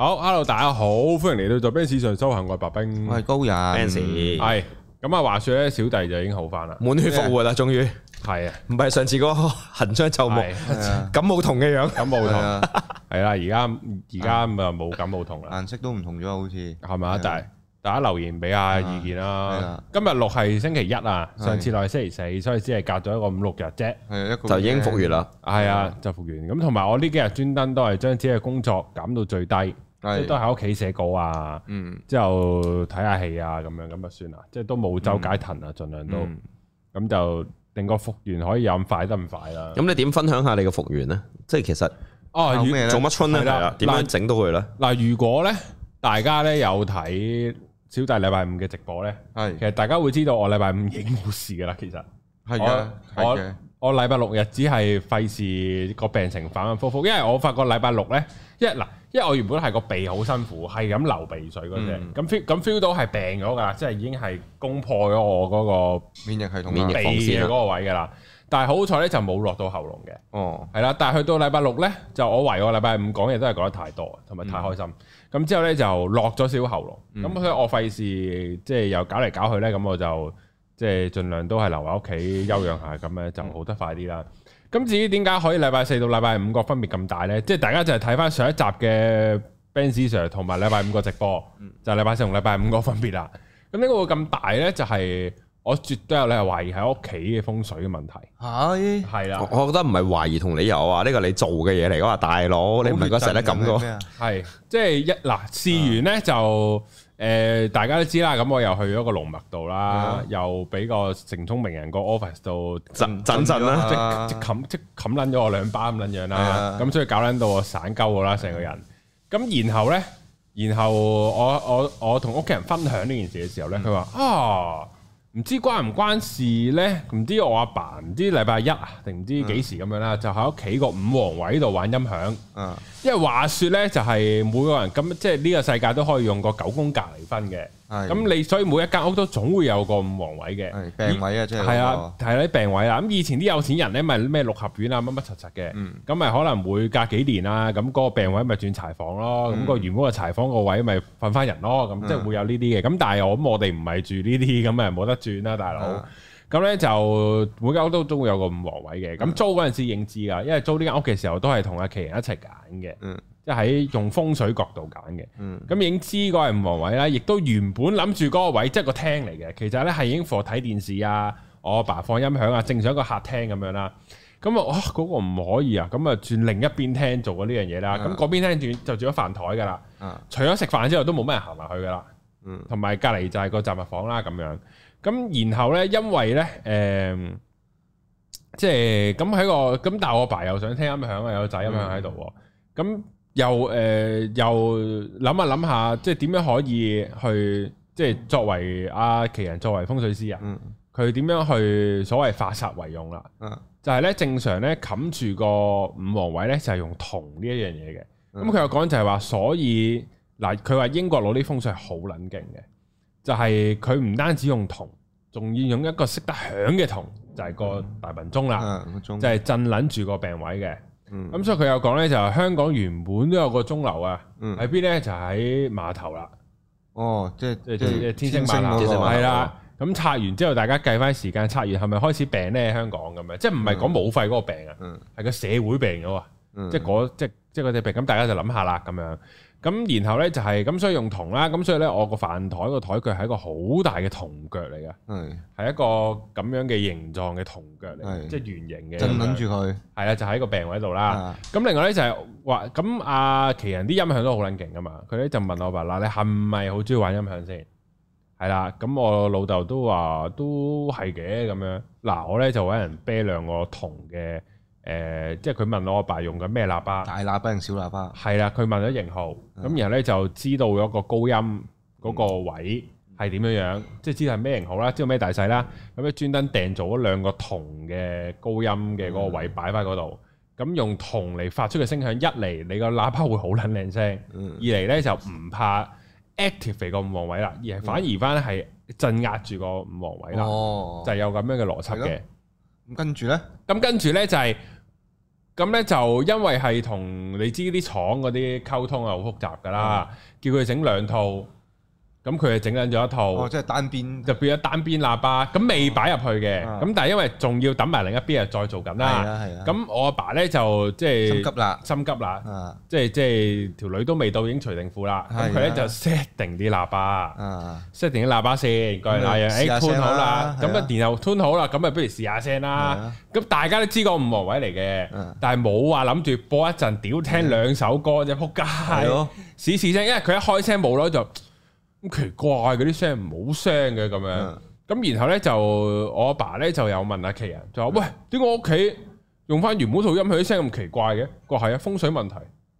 好，hello，大家好，歡迎嚟到在 Benz 上修行嘅白兵，係高人，係咁啊！話說咧，小弟就已經好翻啦，滿血復活啦，終於係啊，唔係上次個痕傷就木，感冒痛嘅樣，感冒痛係啦，而家而家咁啊冇感冒痛啦，顏色都唔同咗，好似係咪？大大家留言俾下意見啦。今日六係星期一啊，上次落係星期四，所以只係隔咗一個五六日啫，就已經復原啦。係啊，就復原咁，同埋我呢幾日專登都係將自己嘅工作減到最低。都喺屋企寫稿啊，之後睇下戲啊，咁樣咁就算啦，即係都冇周解騰啊，盡量都咁就，定個復原可以有咁快得咁快啦。咁你點分享下你嘅復原咧？即係其實哦，做乜春咧？係啦，點樣整到佢咧？嗱，如果咧，大家咧有睇小弟禮拜五嘅直播咧，係，其實大家會知道我禮拜五已經冇事㗎啦。其實係啊，我我禮拜六日只係費事個病情反反复复，因為我發覺禮拜六咧，一嗱。因為我原本係個鼻好辛苦，係咁流鼻水嗰隻，咁 feel 咁 feel 到係病咗㗎啦，即係已經係攻破咗我嗰個免疫系統防線嗰個位㗎啦。免疫啊、但係好彩咧，就冇落到喉嚨嘅。哦，係啦。但係去到禮拜六咧，就我為我禮拜五講嘢都係講得太多，同埋太開心。咁、嗯、之後咧就落咗少了喉嚨。咁、嗯、所以我費事即係又搞嚟搞去咧，咁我就即係盡量都係留喺屋企休養下，咁咧就好得快啲啦。嗯。咁至於點解可以禮拜四到禮拜五個分別咁大咧？即係大家就係睇翻上一集嘅 Benz Sir 同埋禮拜五個直播，就禮拜四同禮拜五個分別啦。咁呢個會咁大咧，就係我絕對有理由懷疑喺屋企嘅風水嘅問題。係係啦，我覺得唔係懷疑同理由啊，呢個你做嘅嘢嚟噶嘛，大佬，你唔係覺得成日都咁嘅？係即係一嗱，試完咧就。誒、呃，大家都知啦，咁、嗯、我又去咗個龍脈度啦，嗯、又俾個城中名人個 office 度震震震啦，即係冚即冚撚咗我兩巴咁撚樣啦，咁、嗯嗯、所以搞撚到我散鳩啦成個人。咁、嗯嗯、然後咧，然後我我我同屋企人分享呢件事嘅時候咧，佢話啊～唔知關唔關事呢？唔知我阿爸唔知禮拜一啊，定唔知幾時咁樣啦？嗯、就喺屋企個五皇位度玩音響。嗯、因為話說呢，就係、是、每個人咁，即係呢個世界都可以用個九宮格嚟分嘅。咁你所以每一間屋都總會有個五黃位嘅、啊就是啊啊，病位啊，即係係啊，係病位啊。咁以前啲有錢人咧，咪咩六合院啊，乜乜柒柒嘅，咁咪可能會隔幾年啊，咁嗰個病位咪轉柴房咯，咁個、嗯、原本個柴房個位咪瞓翻人咯，咁即係會有呢啲嘅。咁但係我咁我哋唔係住呢啲咁咪冇得轉啦、啊，大佬。咁咧、啊、就每間屋都都會有個五黃位嘅。咁租嗰陣時認知噶，因為租呢間屋嘅時候都係同阿其他人一齊揀嘅。嗯即喺用風水角度揀嘅，咁、嗯嗯、已經知嗰個係唔好位啦。亦都原本諗住嗰個位即係、就是、個廳嚟嘅，其實咧係已經放睇電視啊，我阿爸，爸放音響啊，正常一個客廳咁樣啦。咁啊，嗰、那個唔可以啊，咁啊轉另一邊廳做過呢樣嘢啦。咁嗰邊廳轉就轉咗飯台噶啦。除咗食飯之後都冇咩人行埋去噶啦。同埋隔離就係個雜物房啦咁樣。咁然後咧，因為咧，誒、呃，即係咁喺個咁，但係我爸又想聽音響啊，嗯、有個仔音響喺度喎。咁又誒、呃、又諗下諗下，即係點樣可以去即係作為阿奇、啊、人作為風水師啊？佢點、嗯、樣去所謂化煞為用啦？嗯、就係咧正常咧冚住個五黃位咧，就係、是、用銅呢一樣嘢嘅。咁佢又講就係話，所以嗱，佢、呃、話英國佬啲風水好撚勁嘅，就係佢唔單止用銅，仲要用一個識得響嘅銅，就係、是、個大笨鐘啦，嗯嗯嗯嗯嗯、就係震撚住個病位嘅。嗯，咁所以佢又講咧，就係香港原本都有個鐘樓啊，喺邊咧？就喺碼頭啦。哦，即係即係即係天星碼頭係啦。咁拆完之後，大家計翻時間，拆完係咪開始病咧？香港咁樣，即唔係講武肺嗰個病啊，係、嗯、個社會病嘅喎，即嗰即即嗰隻病。咁大家就諗下啦，咁樣。咁然後咧就係、是、咁，所以用銅啦。咁所以咧，我個飯枱個枱佢係一個好大嘅銅腳嚟嘅，係是一個咁樣嘅形狀嘅銅腳嚟，是即係圓形嘅。鎮住佢。係啊，就喺、是、個病位度啦。咁的另外咧就係、是、話，咁阿奇人啲音響都好撚勁㗎嘛。佢咧就問我話：嗱，你係咪好鍾意玩音響先？係啦。咁我老豆都話都係嘅咁樣。嗱、啊，我咧就搵人啤兩個銅嘅。誒、呃，即係佢問我阿爸，爸用緊咩喇叭，大喇叭定小喇叭？係啦，佢問咗型號，咁、嗯、然後咧就知道咗個高音嗰個位係點樣樣，即係、嗯、知道係咩型號啦，知道咩大細啦，咁咧專登訂做咗兩個銅嘅高音嘅嗰個位擺翻嗰度，咁用銅嚟發出嘅聲響，一嚟你個喇叭會好撚靚聲，二嚟咧就唔怕 active 個五黃位啦，而係反而翻係鎮壓住個五黃位啦，嗯、就係有咁樣嘅邏輯嘅。咁、嗯嗯、跟住咧，咁跟住咧就係、是。咁咧就因為係同你知啲廠嗰啲溝通係好複雜噶啦，嗯、叫佢整兩套。咁佢係整緊咗一套，哦，即係單邊就變咗單邊喇叭，咁未擺入去嘅，咁但係因為仲要等埋另一邊又再做緊啦，係啦，係啦。咁我阿爸咧就即係心急啦，心急啦，啊，即係即係條女都未到已經除定褲啦，咁佢咧就 set 定啲喇叭，啊，set 定啲喇叭先，個樣誒 tune 好啦，咁啊然後 tune 好啦，咁啊不如試下聲啦，咁大家都知我唔忙位嚟嘅，但係冇話諗住播一陣屌聽兩首歌啫，撲街，試試聲，因為佢一開聲冇咯就。咁奇怪嗰啲聲唔好聲嘅咁樣，咁、嗯、然後咧就我阿爸咧就有問下其他人，就話、嗯、喂，點解我屋企用翻原本套音響啲聲咁奇怪嘅？個係、嗯、啊風水問題。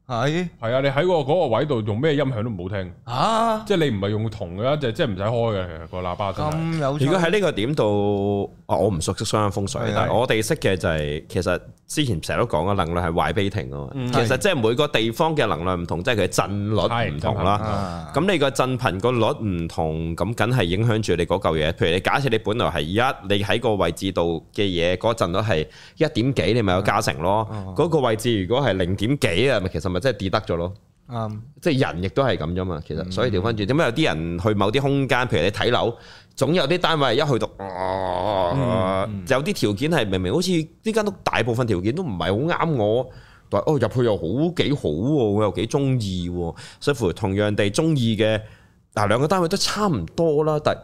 係，係啊！你喺個嗰個位度用咩音響都唔好聽嚇，即係你唔係用銅嘅一隻，即係唔使開嘅其實個喇叭真係。咁有錯？如果喺呢個點度，啊我唔熟悉相關風水，但係我哋識嘅就係其實之前成日都講啊，能量係壞悲停啊嘛。其實即係每個地方嘅能量唔同，即係佢嘅震率唔同啦。咁你個震頻個率唔同，咁梗係影響住你嗰嚿嘢。譬如你假設你本來係一，你喺個位置度嘅嘢嗰震率係一點幾，你咪有加成咯。嗰個位置如果係零點幾啊，咪其實咪。即係跌得咗咯，um, 即係人亦都係咁啫嘛。其實，所以調翻轉點解有啲人去某啲空間，譬如你睇樓，總有啲單位一去到，啊嗯、有啲條件係明明好似呢間屋大部分條件都唔係好啱我，入、哦、去又好幾好喎，我又幾中意，甚至乎同樣地中意嘅，嗱、啊、兩個單位都差唔多啦，但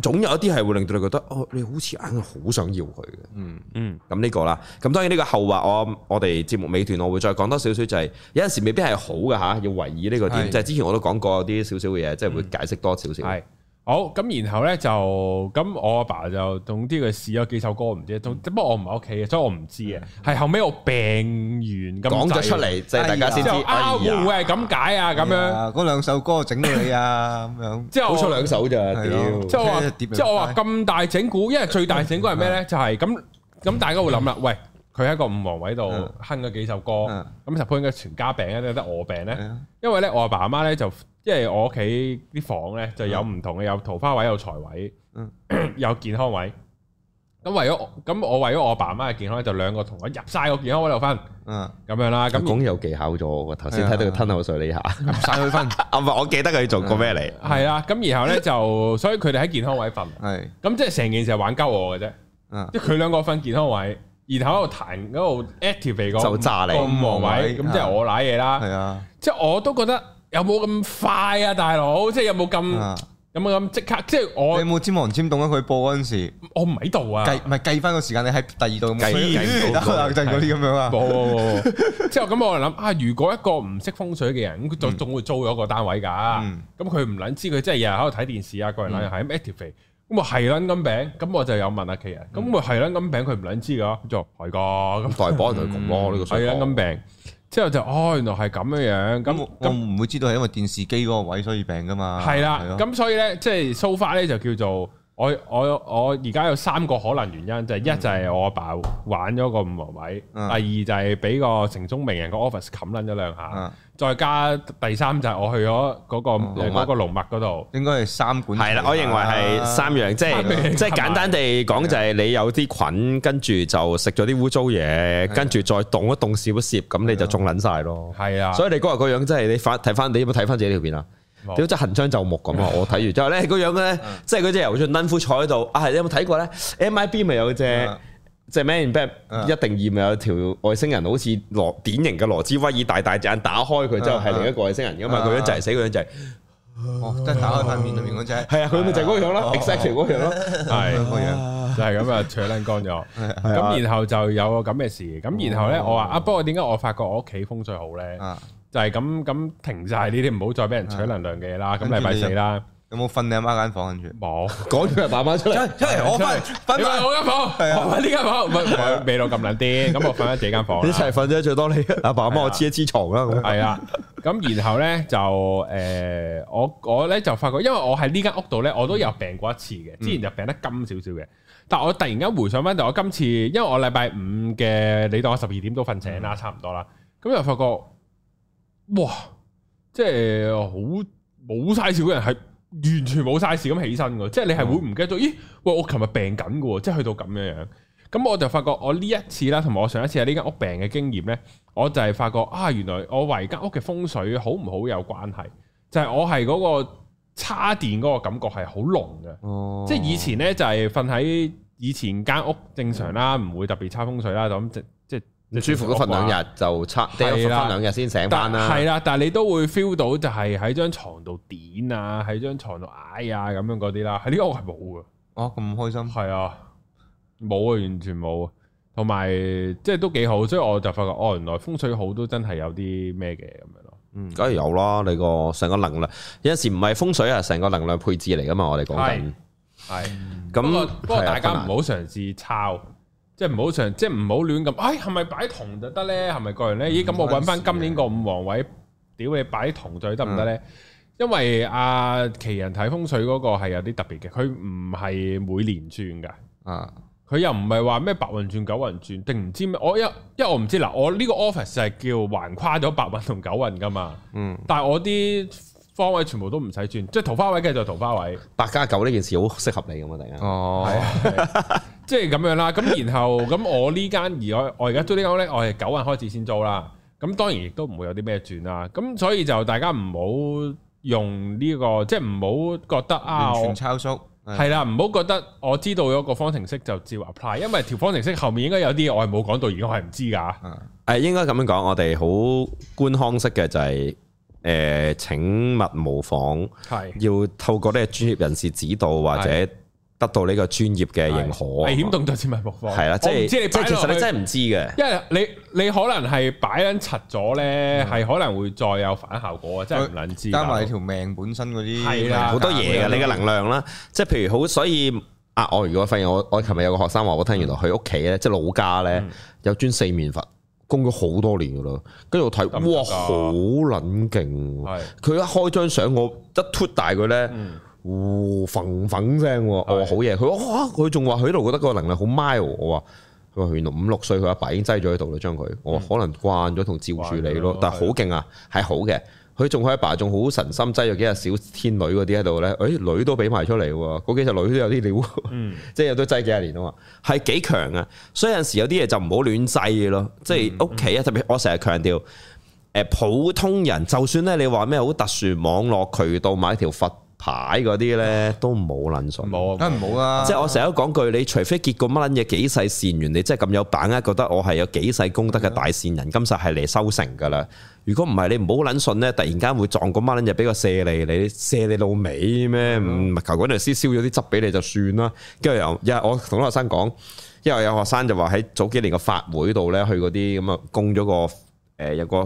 總有一啲係會令到你覺得，哦，你好似硬好想要佢嘅。嗯嗯，咁呢個啦，咁當然呢個後話，我我哋節目尾段我會再講多少少，就是，就係有陣時未必係好嘅吓，要維護呢個點，的就係之前我都講過有啲少少嘅嘢，即係、就是、會解釋多少少。嗯好咁，然後咧就咁，我阿爸就總之佢試咗幾首歌，唔知，咁不過我唔喺屋企嘅，所以我唔知嘅。係後尾我病完咁講咗出嚟，即係大家先知。啊會唔會係咁解啊，咁樣嗰兩首歌整到你啊，咁樣。即係好出兩首咋，屌！即係我話即係我話咁大整蠱，因為最大整蠱係咩咧？就係咁咁，大家會諗啦。喂，佢喺一個五王位度哼咗幾首歌，咁十鋪應該全家病咧，有得我病咧。因為咧，我阿爸阿媽咧就。即係我屋企啲房咧，就有唔同嘅，有桃花位，有財位，有健康位。咁為咗，咁我為咗我爸媽嘅健康，就兩個同我入晒個健康位度瞓。咁樣啦。咁講有技巧咗。我頭先睇到佢吞口水你下，入晒去瞓。我記得佢做過咩嚟？係啊。咁然後咧就，所以佢哋喺健康位瞓。係。咁即係成件事係玩鳩我嘅啫。即係佢兩個瞓健康位，然後喺度彈嗰度 activate 個咁旺位，咁即係我瀨嘢啦。係啊。即係我都覺得。有冇咁快啊，大佬？即係有冇咁咁咁即刻？即係我有冇簽黃簽動啊？佢播嗰陣時，我唔喺度啊。計唔係計翻個時間？你喺第二度計計嗰啲咁樣啊？哦，即係咁我係諗啊。如果一個唔識風水嘅人，咁佢仲仲會租咗個單位噶？咁佢唔捻知，佢即係日日喺度睇電視啊，過嚟諗又係 a 咁啊，係捻金餅。咁我就有問阿 K 啊，咁啊係捻金餅，佢唔捻知噶，做係個大波代佢講咯，呢個係捻金餅。之後就哦，原來係咁樣樣，咁我唔那會知道係因為電視機嗰個位，所以病㗎嘛。係啦的，咁的所以咧，即、就、係、是、so far 咧就叫做我我我而家有三個可能原因，就係、是、一就係、是、我阿爸，爸玩咗個五環位，第、嗯、二就係、是、俾個城中名人個 office 冚撚咗兩下。嗯再加第三就係我去咗嗰個龍嗰個龍脈嗰度，應該係三管。係啦，我認為係三樣，即係即係簡單地講就係你有啲菌，跟住就食咗啲污糟嘢，跟住再凍一凍，攝一攝，咁你就中撚曬咯。係啊，所以你嗰日個樣真係你翻睇翻你有冇睇翻自己條片啊？屌真係行將就木咁啊！我睇完之後咧個樣咧，即係嗰隻油炸嫩腐坐喺度啊！係你有冇睇過咧？MIB 咪有隻？即係《Man b a c 一定面有條外星人，好似羅典型嘅羅茲威爾大大隻眼打開佢之後，係另一個外星人噶嘛？佢一就死，佢一就，哦，即係打開塊面裏面嗰隻，係啊，佢咪就嗰樣咯，exact 嗰樣咯，係嗰樣，就係咁啊，取能量咗，咁然後就有咁嘅事，咁然後咧我話啊，不過點解我發覺我屋企風水好咧？就係咁咁停曬呢啲唔好再俾人取能量嘅嘢，啦，咁你拜四啦。有冇瞓你阿媽間房跟住？冇，嗰日阿爸阿媽出嚟，出嚟我瞓瞓埋我間房，係啊，瞓呢間房，唔係味道咁涼啲，咁我瞓喺自己間房，一齊瞓啫，最多你阿爸阿媽我黐一黐床啦。係啊，咁然後咧就誒，我我咧就發覺，因為我喺呢間屋度咧，我都有病過一次嘅，之前就病得金少少嘅，但我突然間回想翻，就我今次，因為我禮拜五嘅，你當我十二點都瞓醒啦，差唔多啦，咁又發覺，哇，即係好冇晒少嘅人係。完全冇晒事咁起身嘅，即係你係會唔記得到？嗯、咦，喂，我琴日病緊嘅，即係去到咁樣樣，咁我就發覺我呢一次啦，同埋我上一次喺呢間屋病嘅經驗咧，我就係發覺啊，原來我圍間屋嘅風水好唔好有關係，就係、是、我係嗰個叉電嗰個感覺係好濃嘅，嗯、即係以前咧就係瞓喺以前間屋正常啦，唔、嗯、會特別差風水啦，咁即。你舒服都瞓兩日就差，即係瞓翻兩日先醒翻啦。係啦、啊啊，但係你都會 feel 到，就係喺張床度點啊，喺張床度挨啊，咁樣嗰啲啦。喺呢屋我係冇嘅。哦，咁開心。係啊，冇啊，完全冇、啊。同埋即係都幾好，所以我就發覺，哦，原來風水好都真係有啲咩嘅咁樣咯。梗係、嗯、有啦。你個成個能量有陣時唔係風水啊，成個能量配置嚟噶嘛。我哋講緊係咁，不過大家唔好嘗試抄。即係唔好常，即係唔好亂咁。哎，係咪擺銅就得咧？係咪各樣咧？咦，咁我搵翻今年個五黃位，屌你擺銅就得唔得咧？因為阿奇人睇風水嗰個係有啲特別嘅，佢唔係每年轉噶。啊，佢又唔係話咩八運轉九運轉定唔知咩？我一因為我唔知嗱，我呢個 office 係叫橫跨咗八運同九運噶嘛。嗯，但係我啲。.方位全部都唔使轉，即係桃，桃花位，繼續係桃花位。百家九呢件事好適合你咁、啊、嘛，大家。哦，即係咁樣啦。咁然後咁，我呢間而我我而家租呢間屋咧，我係九月份開始先租啦。咁當然亦都唔會有啲咩轉啦。咁所以就大家唔好用呢、這個，即係唔好覺得啊，完全抄縮。係啦，唔好覺得我知道咗個方程式就照 apply，因為條方程式後面應該有啲我係冇講到，而家我係唔知㗎。嗯，誒應該咁樣講，我哋好官腔式嘅就係、是。誒，請勿模仿。係要透過啲專業人士指導或者得到呢個專業嘅認可。危險動作，請勿模仿。係啦，即係即係，其實你真係唔知嘅。因為你你可能係擺緊拆咗咧，係可能會再有反效果啊！真係唔捻知。加埋你條命本身嗰啲好多嘢嘅，你嘅能量啦，即係譬如好，所以啊，我如果發現我我琴日有個學生話我聽，原來佢屋企咧，即係老家咧，有尊四面佛。供咗好多年噶啦，跟住我睇，哇，可可哇好撚勁，啊！佢的一開張相，我一推大佢咧，呼粉粉聲，的我話好嘢！佢哇，佢仲話佢喺度覺得個能力好 mile，我話佢話原來五六歲佢阿爸，爸已經擠咗喺度啦，將佢的，我話可能慣咗同照住你咯，的但係好勁啊，係好嘅。佢仲佢阿爸仲好神心祭咗幾日小天女嗰啲喺度咧，誒、哎、女、女、嗯、 都俾埋出嚟喎，嗰幾隻女都有啲料，即係都祭幾十年啊嘛，係幾強啊！所以有陣時有啲嘢就唔好亂祭嘅咯，嗯、即係屋企啊，特別我成日強調普通人，就算咧你話咩好特殊，網絡渠道買條佛牌嗰啲咧，都冇撚信，冇梗係冇啦。即係我成日都講句，你除非結個乜撚嘢幾世善緣，你真係咁有把握覺得我係有幾世功德嘅大善人，今世係嚟收成㗎啦。如果唔係你唔好撚信咧，突然間會撞個孖撚就俾個射你，你，射你老味咩？唔求嗰條屍燒咗啲汁俾你就算啦。跟住又又，我同學生講，因為有學生就話喺早幾年嘅法會度咧，去嗰啲咁啊供咗個誒有個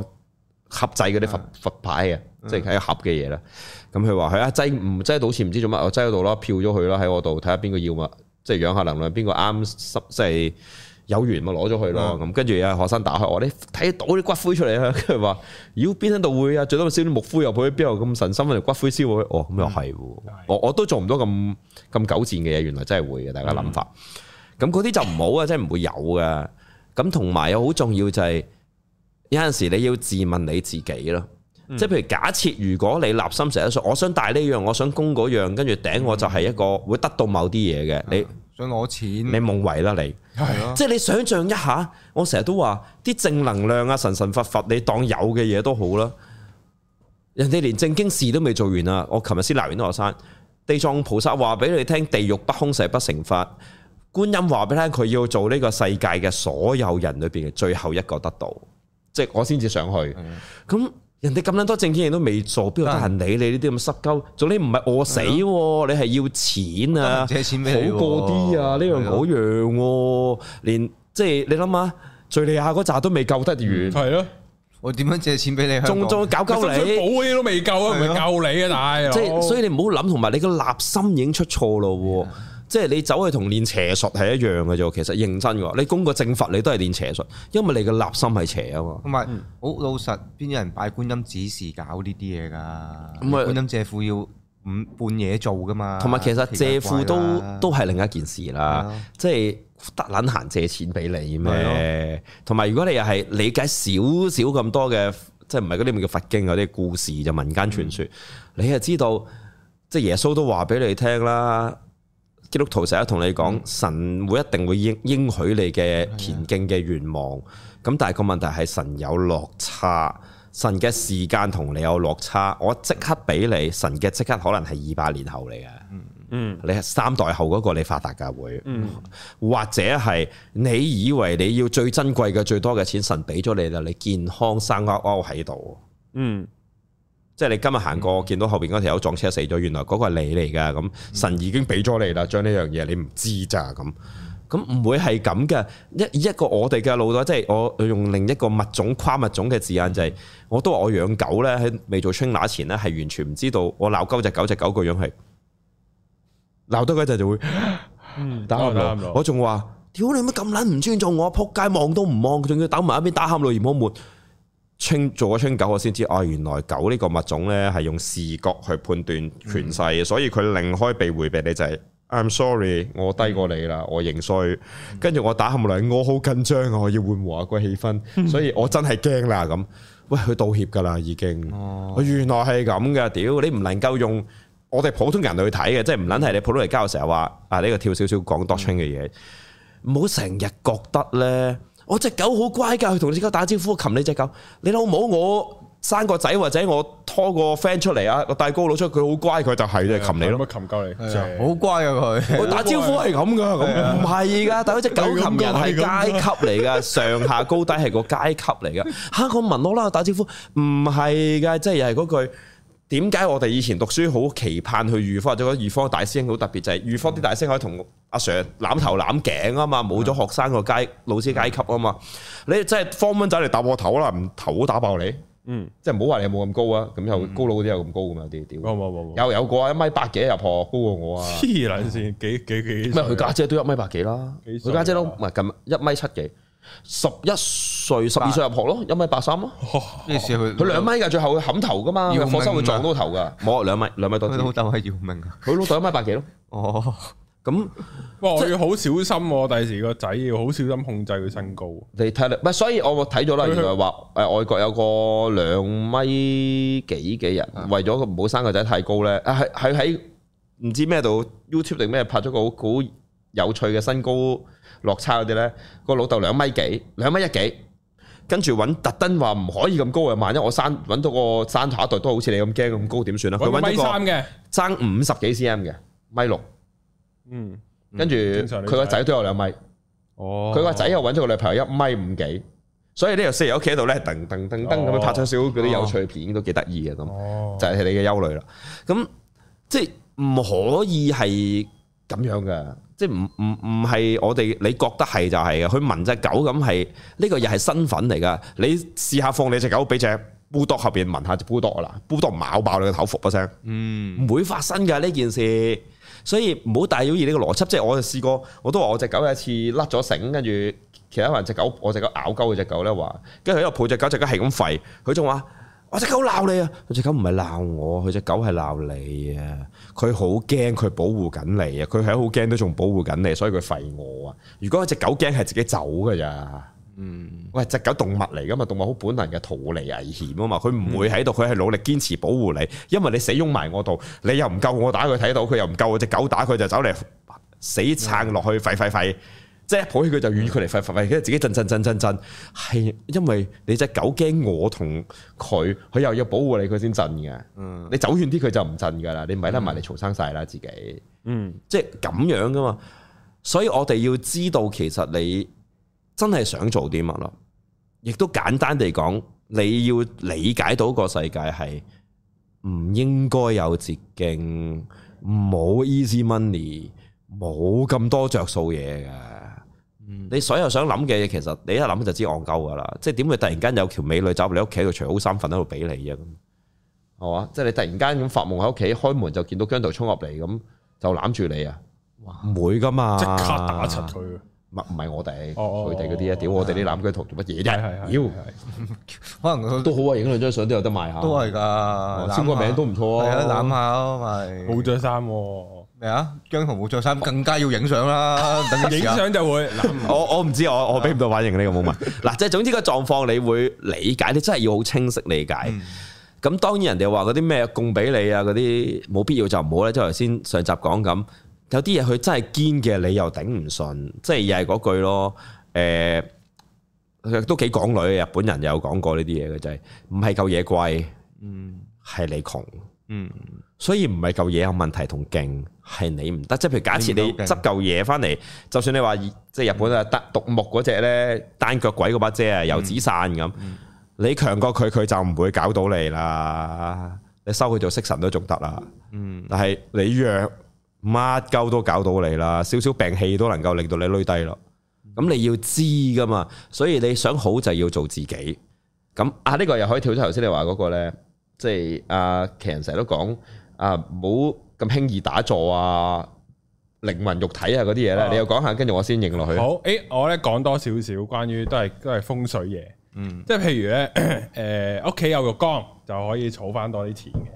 盒仔嗰啲佛佛牌啊、就是嗯，即係喺盒嘅嘢啦。咁佢話係啊，擠唔擠到錢唔知做乜，我擠嗰度啦，票咗佢啦，喺我度睇下邊個要嘛，即係養下能量，邊個啱十即係。有緣咪攞咗佢咯，咁跟住啊學生打開我你，你睇到啲骨灰出嚟啊！跟住話，妖邊陣度會啊？最多燒啲木灰入去，邊度咁神心份骨灰燒嘅？哦，咁又係喎，我我都做唔到咁咁狗賤嘅嘢，原來真係會嘅，大家諗法。咁嗰啲就唔好啊，真係唔會有㗎。咁同埋又好重要就係有陣時你要自問你自己咯。嗯、即係譬如假設如果你立心成日想我想帶呢樣，樣，我想供嗰樣，跟住頂我就係一個會得到某啲嘢嘅你。嗯想攞錢，你夢遺啦你，係咯、啊，即係你想象一下，我成日都話啲正能量啊，神神佛佛，你當有嘅嘢都好啦。人哋連正經事都未做完啊！我琴日先鬧完啲學生，地藏菩薩話俾你聽，地獄不空誓不成佛。觀音話俾你聽，佢要做呢個世界嘅所有人裏邊嘅最後一個得道，即係我先至上去。咁、嗯。人哋咁撚多正經嘢，人都未做，邊個得閒理你呢啲咁濕鳩？仲你唔係餓死喎、啊？對啊、你係要錢啊！借錢畀、啊？好過啲啊！呢對、啊、樣嗰、啊、樣，連即係你諗下，敍對、啊、利亞嗰扎都未救得完。係咯，我點樣借錢俾你、啊、你？仲仲搞鳩你？保嗰啲都未夠啊，唔係救你啊！大即係，所以你唔好諗，同埋你個立心已經出錯咯。即係你走去同練邪術係一樣嘅啫，其實認真㗎。你供個正法，你都係練邪術，因為你個立心係邪啊嘛。同埋好老實，邊有人拜觀音指示搞呢啲嘢噶？咁啊為，觀音借庫要五半夜做噶嘛？同埋其實借庫都都係另一件事啦。啊、即係得捻閒借錢俾你咩？同埋的如果你又係理解少少咁多嘅，即係唔係嗰啲咁叫佛經嗰啲故事就是民間傳說，嗯、你係知道即係耶穌都話俾你聽啦。基督徒成日同你講，神會一定會應應許你嘅前進嘅願望。咁但係個問題係神有落差，神嘅時間同你有落差。我即刻俾你，神嘅即刻可能係二百年後嚟嘅。嗯嗯，你係三代後嗰個你發達噶會，嗯、或者係你以為你要最珍貴嘅最多嘅錢，神俾咗你啦，你健康生勾勾喺度。嗯。即係你今日行過，我見到後邊嗰條友撞車死咗，原來嗰個係你嚟噶，咁，神已經俾咗你啦，將呢樣嘢你唔知咋，咁，咁唔會係咁嘅。一一個我哋嘅腦袋，即係我用另一個物種跨物種嘅字眼、就是，就係我都話我養狗咧，喺未做春乸前咧，係完全唔知道我鬧鳩隻狗，隻狗個樣係鬧多幾陣就會、嗯、打喊路，我仲話，屌你乜咁撚唔尊重我，仆街望都唔望，仲要邊打埋一邊打喊路而好悶。清做咗清狗，我先知啊、哦！原來狗呢個物種呢係用視覺去判斷權勢，嗯、所以佢另開被回避，你就係、是、I'm sorry，我低過你啦，我認衰。」跟住我打冚嚟，我好緊張啊！我要緩和下個氣氛，所以我真係驚啦咁。喂，佢道歉噶啦，已經、嗯。原來係咁噶，屌你唔能夠用我哋普通人去睇嘅，即係唔捻係你普通嚟交，成日話啊呢、這個跳少少講 dog train 嘅嘢，唔好成日覺得呢。」我隻狗好乖噶，佢同你家打招呼，擒你隻狗。你老母我生個仔或者我拖個 friend 出嚟啊，個大哥攞出嚟，佢好乖，佢就係擒你咯，咪擒鳩你，的的好乖噶佢。我打招呼係咁噶，唔係噶，但係隻狗擒人係階級嚟噶，上下高低係個階級嚟噶。吓我聞到啦，打招呼唔係噶，即係又係嗰句。點解我哋以前讀書好期盼去預科？或者預科大師兄好特別，就係預科啲大師兄可以同阿 Sir 攬頭攬頸啊嘛，冇咗學生個階，老師階級啊嘛。嗯、你真係方蚊仔嚟搭我頭啦，唔頭打爆你。嗯，即係唔好話你冇咁高啊，咁又高佬嗰啲有咁高咁嘛？啲屌、嗯，有有有，一米八幾入學，高過我啊！黐捻線，幾幾幾、啊？佢家姐都一米八幾啦、啊，佢家姐都唔係咁，一米七幾。十一歲、八十二歲入學咯，一米八三咯、啊。咩、哦、事佢？佢兩、哦、米噶，最後佢冚頭噶嘛？如果課室會撞到個頭噶？冇、啊，兩米，兩米多啲。好大啊！姚明啊！佢老豆一米八幾咯。哦，咁哇，我要好小心喎。第時個仔要好小心控制佢身高。你睇啦，唔係，所以我睇咗啦，原來話誒，外國有個兩米幾幾人，的為咗佢唔好生個仔太高咧。喺喺喺唔知咩度 YouTube 定咩拍咗個好古。有趣嘅身高落差嗰啲咧，個老豆兩米幾，兩米一幾，跟住揾特登話唔可以咁高啊！萬一我山揾到個山下一代都好似你咁驚咁高點算啊？佢揾米三嘅，爭五十幾 cm 嘅，米六，嗯，跟住佢個仔都有兩米，哦，佢個仔又揾咗個女朋友一米五幾，所以呢又四人屋企喺度咧，噔噔噔噔咁樣拍咗少少嗰啲有趣片，都幾得意嘅咁，就係你嘅憂慮啦。咁即係唔可以係咁樣㗎。即係唔唔唔係我哋你覺得係就係嘅，佢聞隻狗咁係呢個又係身份嚟噶。你試下放你隻狗俾隻 buldog 後邊聞下，buldog 啦 buldog 唔咬爆你個頭，伏一聲，嗯，唔會發生噶呢件事。所以唔好大意呢個邏輯。即係我就試過，我都話我隻狗有一次甩咗繩，跟住其他人隻狗，我隻狗咬鳩嗰隻狗咧話，跟住喺度抱隻狗，隻狗係咁吠，佢仲話。我只、哦、狗鬧你啊！佢隻狗唔係鬧我，佢隻狗係鬧你啊！佢好驚，佢保護緊你啊！佢係好驚，都仲保護緊你，所以佢吠我啊！如果隻狗驚，係自己走噶咋？嗯，喂，隻狗動物嚟噶嘛。動物好本能嘅逃離危險啊嘛！佢唔會喺度，佢係努力堅持保護你，因為你死擁埋我度，你又唔夠我打佢睇到，佢又唔夠我隻狗打佢就走嚟死撐落去吠吠吠。即係抱起佢就遠佢嚟，快快佢自己震震震震震，震，震，震，係因為你隻狗驚我同佢，佢又要保護你，佢先震嘅。嗯，你走遠啲佢就唔震噶啦，你唔係得埋你嘈生曬啦自己。嗯，即係咁樣噶嘛，所以我哋要知道其實你真係想做啲乜咯，亦都簡單地講，你要理解到個世界係唔應該有捷徑，冇 easy money，冇咁多着數嘢嘅。你所有想諗嘅嘢，其實你一諗就知戇鳩噶啦，即係點會突然間有條美女走入你屋企個除好衫瞓喺度俾你啊？係嘛？即係你突然間咁發夢喺屋企，開門就見到姜濤衝入嚟咁，就攬住你哇啊！唔會噶嘛？即刻打出去。唔唔係我哋，佢哋嗰啲啊，屌我哋啲攬姜濤做乜嘢啫？妖、哦，嗯、可能都好啊，影兩張相都有得賣下。都係噶，簽個名都唔錯啊，攬下咯咪，好著衫喎。沒沒係啊，姜雄冇着衫，更加要影相啦。等影相就會，我我唔知，我我俾唔到反應呢個冇問。嗱，即係總之個狀況，你會理解，你真係要好清晰理解。咁當然人哋話嗰啲咩供俾你啊，嗰啲冇必要就唔好咧。即係頭先上集講咁，有啲嘢佢真係堅嘅，你又頂唔順，即係又係嗰句咯。誒，都幾港女日本人有講過呢啲嘢嘅，就係唔係夠嘢貴，嗯，係你窮。嗯，所以唔係嚿嘢有問題同勁，係你唔得。即係譬如假設你執嚿嘢翻嚟，就算你話即係日本啊，單獨木嗰隻咧單腳鬼嗰把遮啊，油紙傘咁，嗯嗯、你強過佢，佢就唔會搞到你啦。你收佢做色神都仲得啦。嗯，但係你弱，乜鳩都搞到你啦。少少病氣都能夠令到你累低咯。咁、嗯、你要知噶嘛，所以你想好就要做自己。咁啊，呢、呢個又可以跳出頭先你話嗰、嗰個咧。即係啊，高人成日都講啊，唔好咁輕易打坐啊，靈魂肉體啊嗰啲嘢咧，呢啊、你又講下，跟住我先認落去。好，誒、欸，我咧講多少少關於都係都係風水嘢，嗯，即係譬如咧，誒屋企有浴缸就可以儲翻多啲錢嘅，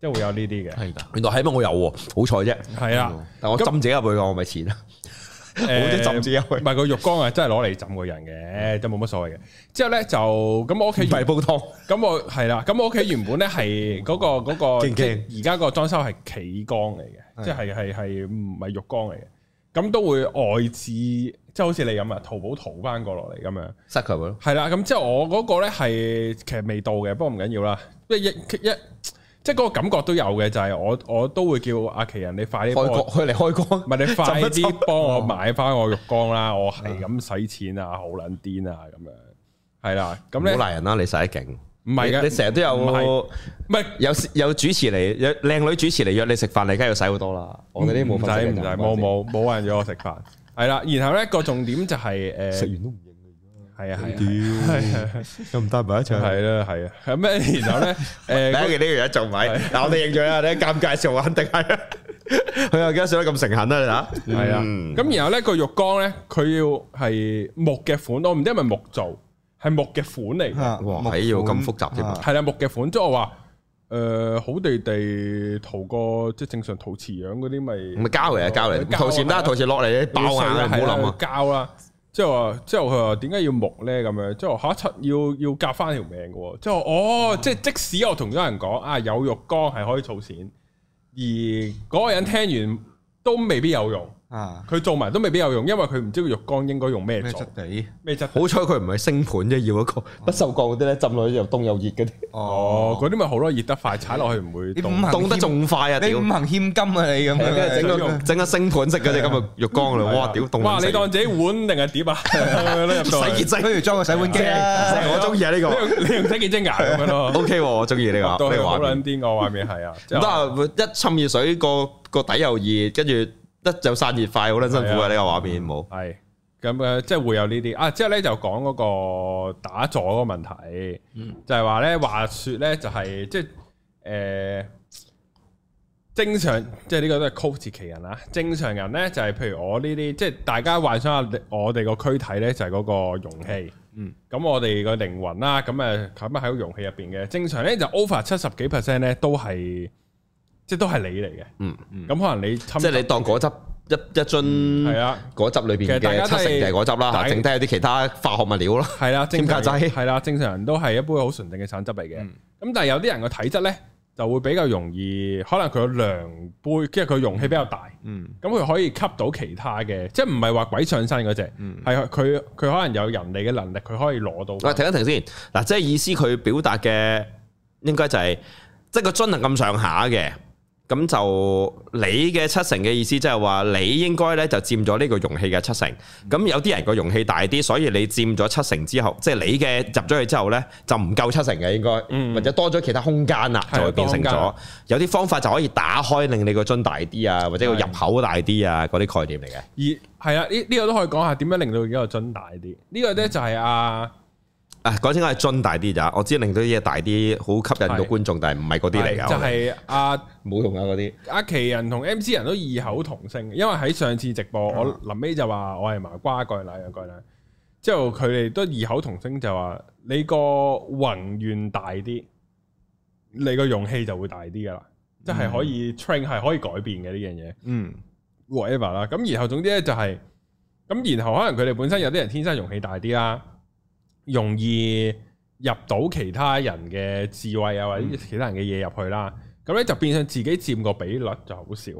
即係會有呢啲嘅。係㗎。原來係乜？我有喎，好彩啫。係啊的、嗯，但我浸自己入去，那我咪錢啦。冇啲浸、誒、欸，唔係，個浴缸係真係攞嚟浸個人嘅， 都冇乜所謂嘅。之後咧就咁我屋企唔係煲湯，嗯，咁，嗯，我係啦。咁我屋企原本咧係嗰個嗰個，而家，嗯嗯個裝修係企缸嚟嘅，即係係係唔係浴缸嚟嘅。咁都會外置，即、就、係、是，好似你咁啊，淘寶淘翻過落嚟咁樣。塞 set up 咯，係啦。咁之後我嗰個咧係其實未到嘅，不過唔緊要啦。即係一一。一一即係嗰個感覺都有嘅，就係我我都會叫阿奇人你快啲開開嚟開光，唔係你快啲幫我買翻我浴缸啦，我係咁使錢啊，好撚癲啊咁樣，係啦，咁咧好難人啦，你使得勁唔係嘅，你成日都有唔有有主持嚟，有靚女主持嚟約你食飯，你梗係要使好多啦。我哋啲冇使冇冇冇人約我食飯，係啦。然後咧個重點就係誒。係啊係啊，咁唔搭埋一齊，係啦係啊。咁咧，然後咧，誒，嗰件呢樣嘢做埋，嗱我哋認咗啦，你介唔介紹肯定係，佢又點解笑得咁誠懇咧？你睇，係啊。咁然後咧個浴缸咧，佢要係木嘅款，我唔知係咪木做，係木嘅款嚟嘅。哇，係要咁複雜添。係啦，木嘅款，即係我話，誒，好地地塗個即係正常陶瓷樣嗰啲咪，唔係膠嚟，膠嚟，陶瓷得，陶瓷落嚟爆眼嘅，唔好諗膠啊。即係話，即係佢話點解要木呢？咁樣？即係話嚇一出要要夾翻條命嘅喎。即係話哦，哦嗯、即係即使我同咗人講啊，有浴缸係可以儲錢，而嗰個人聽完，.都未必有用啊！佢做埋都未必有用，因為佢唔知個浴缸應該用咩做。咩質地？咩質地？好彩佢唔係升盤啫，要一個不銹鋼嗰啲咧，浸落去又凍又熱嗰啲。哦，嗰啲咪好咯，熱得快，踩落去唔會凍，凍得仲快啊！你五行欠金啊，你咁樣整個整個升盤式嘅啫，咁個浴缸啦。哇，屌凍！哇，你當自己碗定係碟啊？都入到，不如裝個洗碗機。我中意啊呢個，你用洗潔精牙咁咯？OK，我中意呢個。都好卵癲，我話麵係啊，都係一浸熱水個。個底又熱，跟住得就散熱快，好卵辛苦啊！呢個畫面冇係咁樣，即係會有呢啲啊。之後咧就講嗰個打坐嗰個問題，嗯、就係話咧，話說咧就係即係誒，正常即係呢個都係曲其人啦。正常人咧就係、是、譬如我呢啲，即係大家幻想下我哋個軀體咧就係嗰個容器。嗯，咁我哋個靈魂啦，咁誒，咁啊喺個容器入邊嘅正常咧就 over 七十幾 percent 咧都係。即都係你嚟嘅。嗯，咁可能你即係你當果汁一一樽係啊，果汁裏邊嘅第七成就係果汁啦，剩低有啲其他化學物料啦，係啦，添加劑係啦， 正常人都係一杯好純淨嘅橙汁嚟嘅。咁、嗯、但係有啲人嘅體質咧，就會比較容易，可能佢有量杯，即係佢容器比較大，嗯，咁佢可以吸到其他嘅，即係唔係話鬼上身嗰隻，佢佢、嗯、可能有人哋嘅能力，佢可以攞到。停一停先。嗱，即係意思佢表達嘅應該就係、是，即係個樽係咁上下嘅。咁就你嘅七成嘅意思，即係話你應該咧就佔咗呢個容器嘅七成。咁有啲人個容器大啲，所以你佔咗七成之後，即係你嘅入咗去之後呢，就唔夠七成嘅應該，嗯，或者多咗其他空間啦，就會變成咗。有啲方法就可以打開令你個樽大啲啊，或者個入口大啲啊，嗰啲概念嚟嘅。而係啊，呢呢個都可以講下點樣令到而家個樽大啲。呢個呢就係啊。嗯講真，我係、啊、樽大啲咋，我知令到啲嘢大啲，好吸引到觀眾，是但係唔係嗰啲嚟噶。就係阿冇同阿啲阿奇人同 MC 人都異口同聲，因為喺上次直播，嗯、我臨尾就話我係麻瓜，個奶。嗱樣個之後佢哋都異口同聲就話你個宏願大啲，你個容器就會大啲噶啦，即、就、係、是、可以 train，係、嗯、可以改變嘅呢樣嘢。嗯，whatever 啦。咁然後總之咧就係、是、咁，然後可能佢哋本身有啲人天生容器大啲啦。容易入到其他人嘅智慧啊，或者其他人嘅嘢入去啦，咁咧、嗯、就變相自己佔個比率就好少。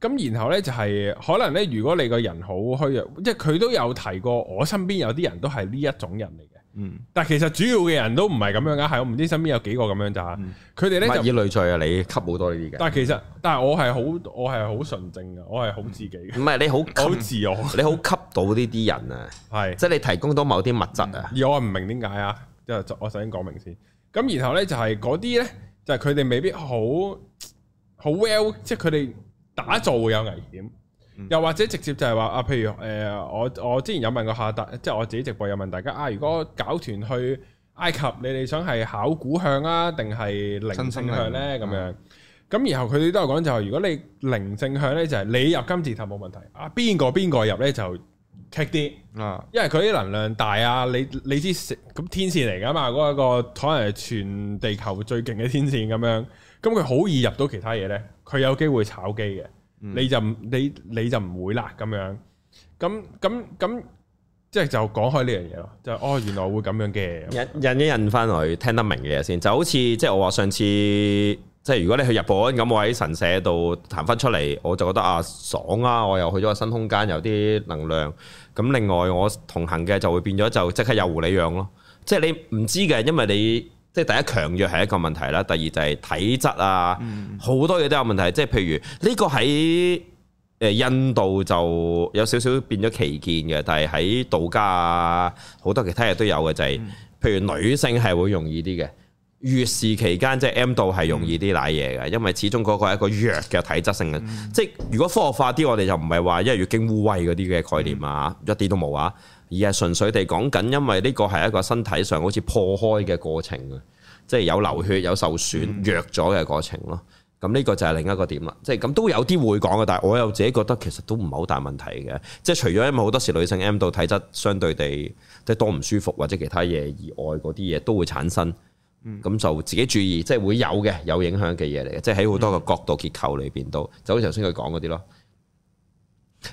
咁然後咧就係可能咧，如果你個人好虛弱，即係佢都有提過我身邊有啲人都係呢一種人嚟嘅。嗯，但係其實主要嘅人都唔係咁樣噶，係我唔知身邊有幾個咁樣咋，佢哋咧物以類聚啊，你吸好多呢啲嘅。但係其實，但係我係好，我係好純正噶，我係好自己嘅。唔係你好，好自我，你好吸， 吸到呢啲人啊，係是，即係你提供到某啲物質啊、嗯。而我唔明點解啊？即係我首先講明先，咁然後咧就係嗰啲咧，就係佢哋未必好，好 well，即係佢哋打造會有危險。又或者直接就係話啊，譬如誒、呃，我我之前有問過下大，即係我自己直播有問大家啊，如果搞團去埃及，你哋想係考古向啊，定係靈性向咧？咁樣咁、啊、然後佢哋都有講就係，如果你靈性向咧，就係你入金字塔冇問題啊。邊個邊個入咧就劇啲啊，因為佢啲能量大啊。你你知咁天線嚟㗎嘛？嗰個可能係全地球最勁嘅天線咁樣，咁佢好易入到其他嘢咧。佢有機會炒機嘅。你就唔你你就唔會啦咁樣，咁咁咁即係就講開呢樣嘢咯，就哦原來會咁樣嘅。印印一印翻去聽得明嘅嘢先，就好似即係我話上次即係如果你去日本咁，我喺神社度彈翻出嚟，我就覺得啊爽啊，我又去咗個新空間，有啲能量。咁另外我同行嘅就會變咗就即刻有狐狸樣咯，即係你唔知嘅，因為你。即係第一強弱係一個問題啦，第二就係體質啊，好、嗯、多嘢都有問題。即係譬如呢、這個喺印度就有少少變咗奇見嘅，但係喺道家啊好多其他嘢都有嘅，就係、是、譬如女性係會容易啲嘅，月事期間即係、就是、M 度係容易啲瀨嘢嘅，嗯、因為始終嗰個係一個弱嘅體質性嘅。嗯、即係如果科學化啲，我哋就唔係話因為月經污衊污穢嗰啲嘅概念啊，嗯、一啲都冇啊。而係純粹地講緊，因為呢個係一個身體上好似破開嘅過程嘅，即係有流血、有受損、弱咗嘅過程咯。咁呢個就係另一個點啦。即係咁都有啲會講嘅，但係我又自己覺得其實都唔係好大問題嘅。即係除咗因為好多時女性 M 到體質相對地即係多唔舒服或者其他嘢以外，嗰啲嘢都會產生。咁就自己注意，即係會有嘅有影響嘅嘢嚟嘅。即係喺好多個角度結構裏邊都，就好似頭先佢講嗰啲咯。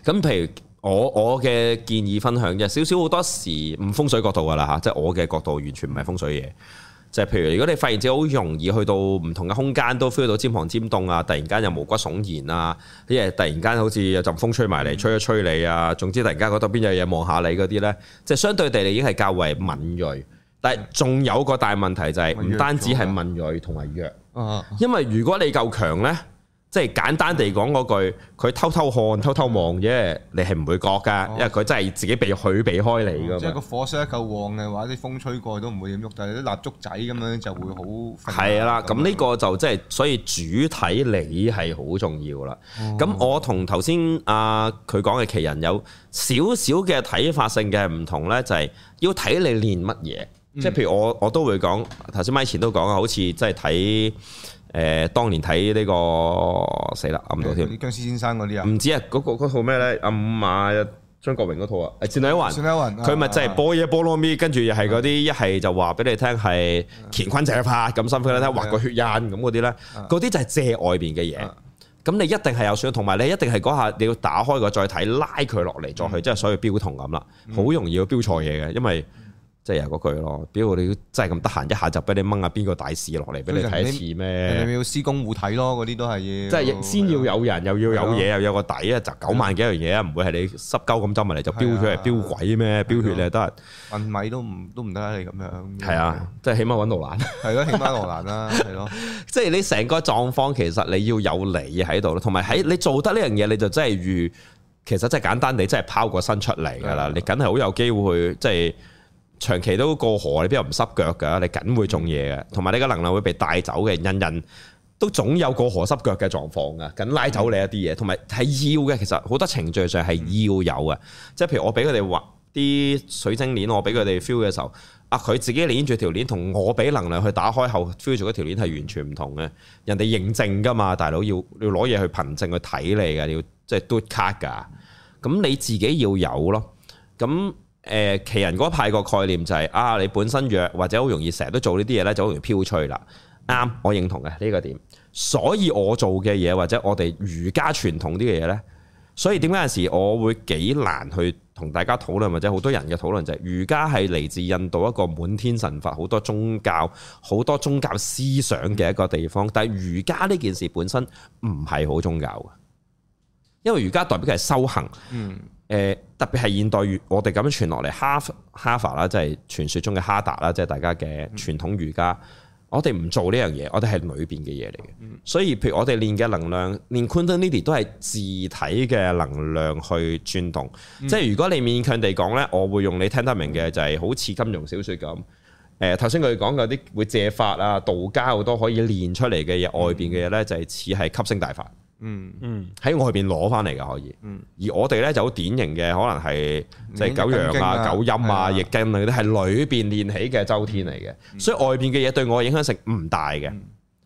咁譬如。我我嘅建議分享嘅少少，好多時唔風水角度噶啦嚇，即係我嘅角度完全唔係風水嘢，就係譬如如果你發現自己好容易去到唔同嘅空間都 feel 到尖旁尖凍啊，突然間又毛骨悚然啊，啲嘢突然間好似有陣風吹埋嚟，吹一吹你啊，總之突然間覺得邊邊有嘢望下你嗰啲呢，即係相對地你已經係較為敏鋭，但係仲有個大問題就係唔單止係敏鋭同埋弱，因為如果你夠強呢。即係簡單地講嗰句，佢偷偷看、偷偷望啫，你係唔會覺㗎，因為佢真係自己避佢避開你㗎、哦、即係個火勢一夠旺嘅話，啲風吹過都唔會點喐，但係啲蠟燭仔咁樣就會好。係啦的，咁呢樣個就即、是、係所以主體理係好重要啦。咁、哦、我同頭先阿佢講嘅奇人有少少嘅睇法性嘅唔同呢，就係、是、要睇你練乜嘢。嗯、即係譬如我我都會講，頭先咪前都講好似即係睇。誒，當年睇呢、這個死啦，啱到添。僵屍先生嗰啲啊，唔知啊，嗰、那個、套咩咧？阿午馬張國榮嗰套啊，誒，錢德雲，錢德雲，佢咪即係般若波羅蜜，跟住又係嗰啲一係就話俾你聽係乾坤正一派，咁辛苦咧，畫個血印咁嗰啲咧，嗰啲就係借外邊嘅嘢。咁你一定係有損，同埋你一定係嗰下你要打開個再睇，拉佢落嚟再去，嗯、即係所以標童咁啦，好容易要標錯嘢嘅，因為。即係又嗰句咯，比如你真係咁得閒，一下就俾你掹下邊個大使落嚟俾你睇一次咩？你要施工護體咯，嗰啲都係，即係先要有人，是的 又要有嘢，是的 又有個底啊，就九萬幾樣嘢啊，唔會係你濕鳩咁執埋嚟就標是的 血就。嚟標鬼咩？標血你得啊？運米都唔都唔得你咁樣，係啊，即係起碼揾羅蘭，係咯，起碼揾羅蘭啦，係咯，即係你成個狀況，其實你要有理喺度咯，同埋喺你做得呢樣嘢，你就真係如，其實真係簡單你真係拋個身出嚟噶啦，你梗係好有機會去，即係。長期都過河，你邊度唔濕腳噶？你梗會中嘢嘅，同埋你嘅能量會被帶走嘅。人人都總有過河濕腳嘅狀況嘅，梗拉走你一啲嘢。同埋係要嘅，其實好多程序上係要有嘅。即係譬如我俾佢哋畫啲水晶鏈，我俾佢哋 feel 嘅時候，啊佢自己攣住條鏈，同我俾能量去打開後 feel 住嗰條鏈係完全唔同嘅。人哋認證噶嘛，大佬要要攞嘢去憑證去睇你嘅，你要即係 do cut 噶。咁你自己要有咯，咁。誒，奇人嗰派個概念就係、是、啊，你本身弱或者好容易成日都做呢啲嘢呢，就好容易飄吹啦。啱，嗯，我認同嘅呢、這個點。所以我做嘅嘢或者我哋瑜伽傳統啲嘅嘢呢，所以點解有時我會幾難去同大家討論或者好多人嘅討論就係、是、瑜伽係嚟自印度一個滿天神佛、好多宗教，好多宗教思想嘅一個地方。但係瑜伽呢件事本身唔係好宗教嘅，因為瑜伽代表嘅係修行。嗯。誒特別係現代瑜，我哋咁樣傳落嚟，哈夫哈佛啦，即係傳説中嘅哈達啦，即係大家嘅傳統瑜伽。嗯、我哋唔做呢樣嘢，我哋係裏邊嘅嘢嚟嘅。嗯、所以譬如我哋練嘅能量，練 kundalini 都係自體嘅能量去轉動。嗯、即係如果你勉強地講呢，我會用你聽得明嘅，就係好似金融小説咁。誒頭先佢講嘅啲會借法啊、道家好多可以練出嚟嘅嘢，外邊嘅嘢呢，就係似係吸星大法。嗯嗯，喺 外邊攞翻嚟嘅可以，而我哋咧就好典型嘅，可能係即係九陽啊、九陰啊、啊逆根啊啲，係裏邊練起嘅周天嚟嘅。所以外邊嘅嘢對我嘅影響性唔大嘅，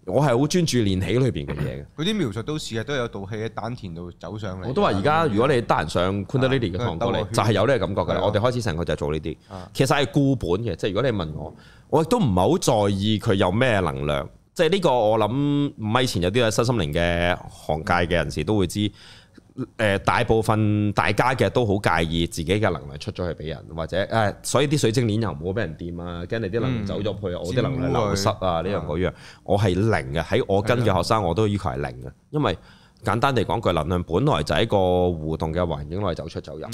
我係好專注練起裏邊嘅嘢嘅。嗰啲、嗯嗯、描述都成日都有道氣喺丹田度走上嚟。我都話而家如果你得閒上昆德里尼嘅堂度嚟，就係有呢個感覺㗎喇。嗯嗯、我哋開始成個就係做呢啲，其實係固本嘅。嗯、即係如果你問我，我亦都唔係好在意佢有咩能量。即係呢個，我諗咪以前有啲喺新心靈嘅行界嘅人士都會知。誒，大部分大家嘅都好介意自己嘅能量出咗去俾人，或者誒，所以啲水晶鏈又唔好俾人掂啊，驚你啲能量走咗去，我啲能量流失啊，呢樣嗰樣。我係零嘅，喺我跟嘅學生我都要求係零嘅，因為簡單地講句，能量本來就係一個互動嘅環境內走出走入。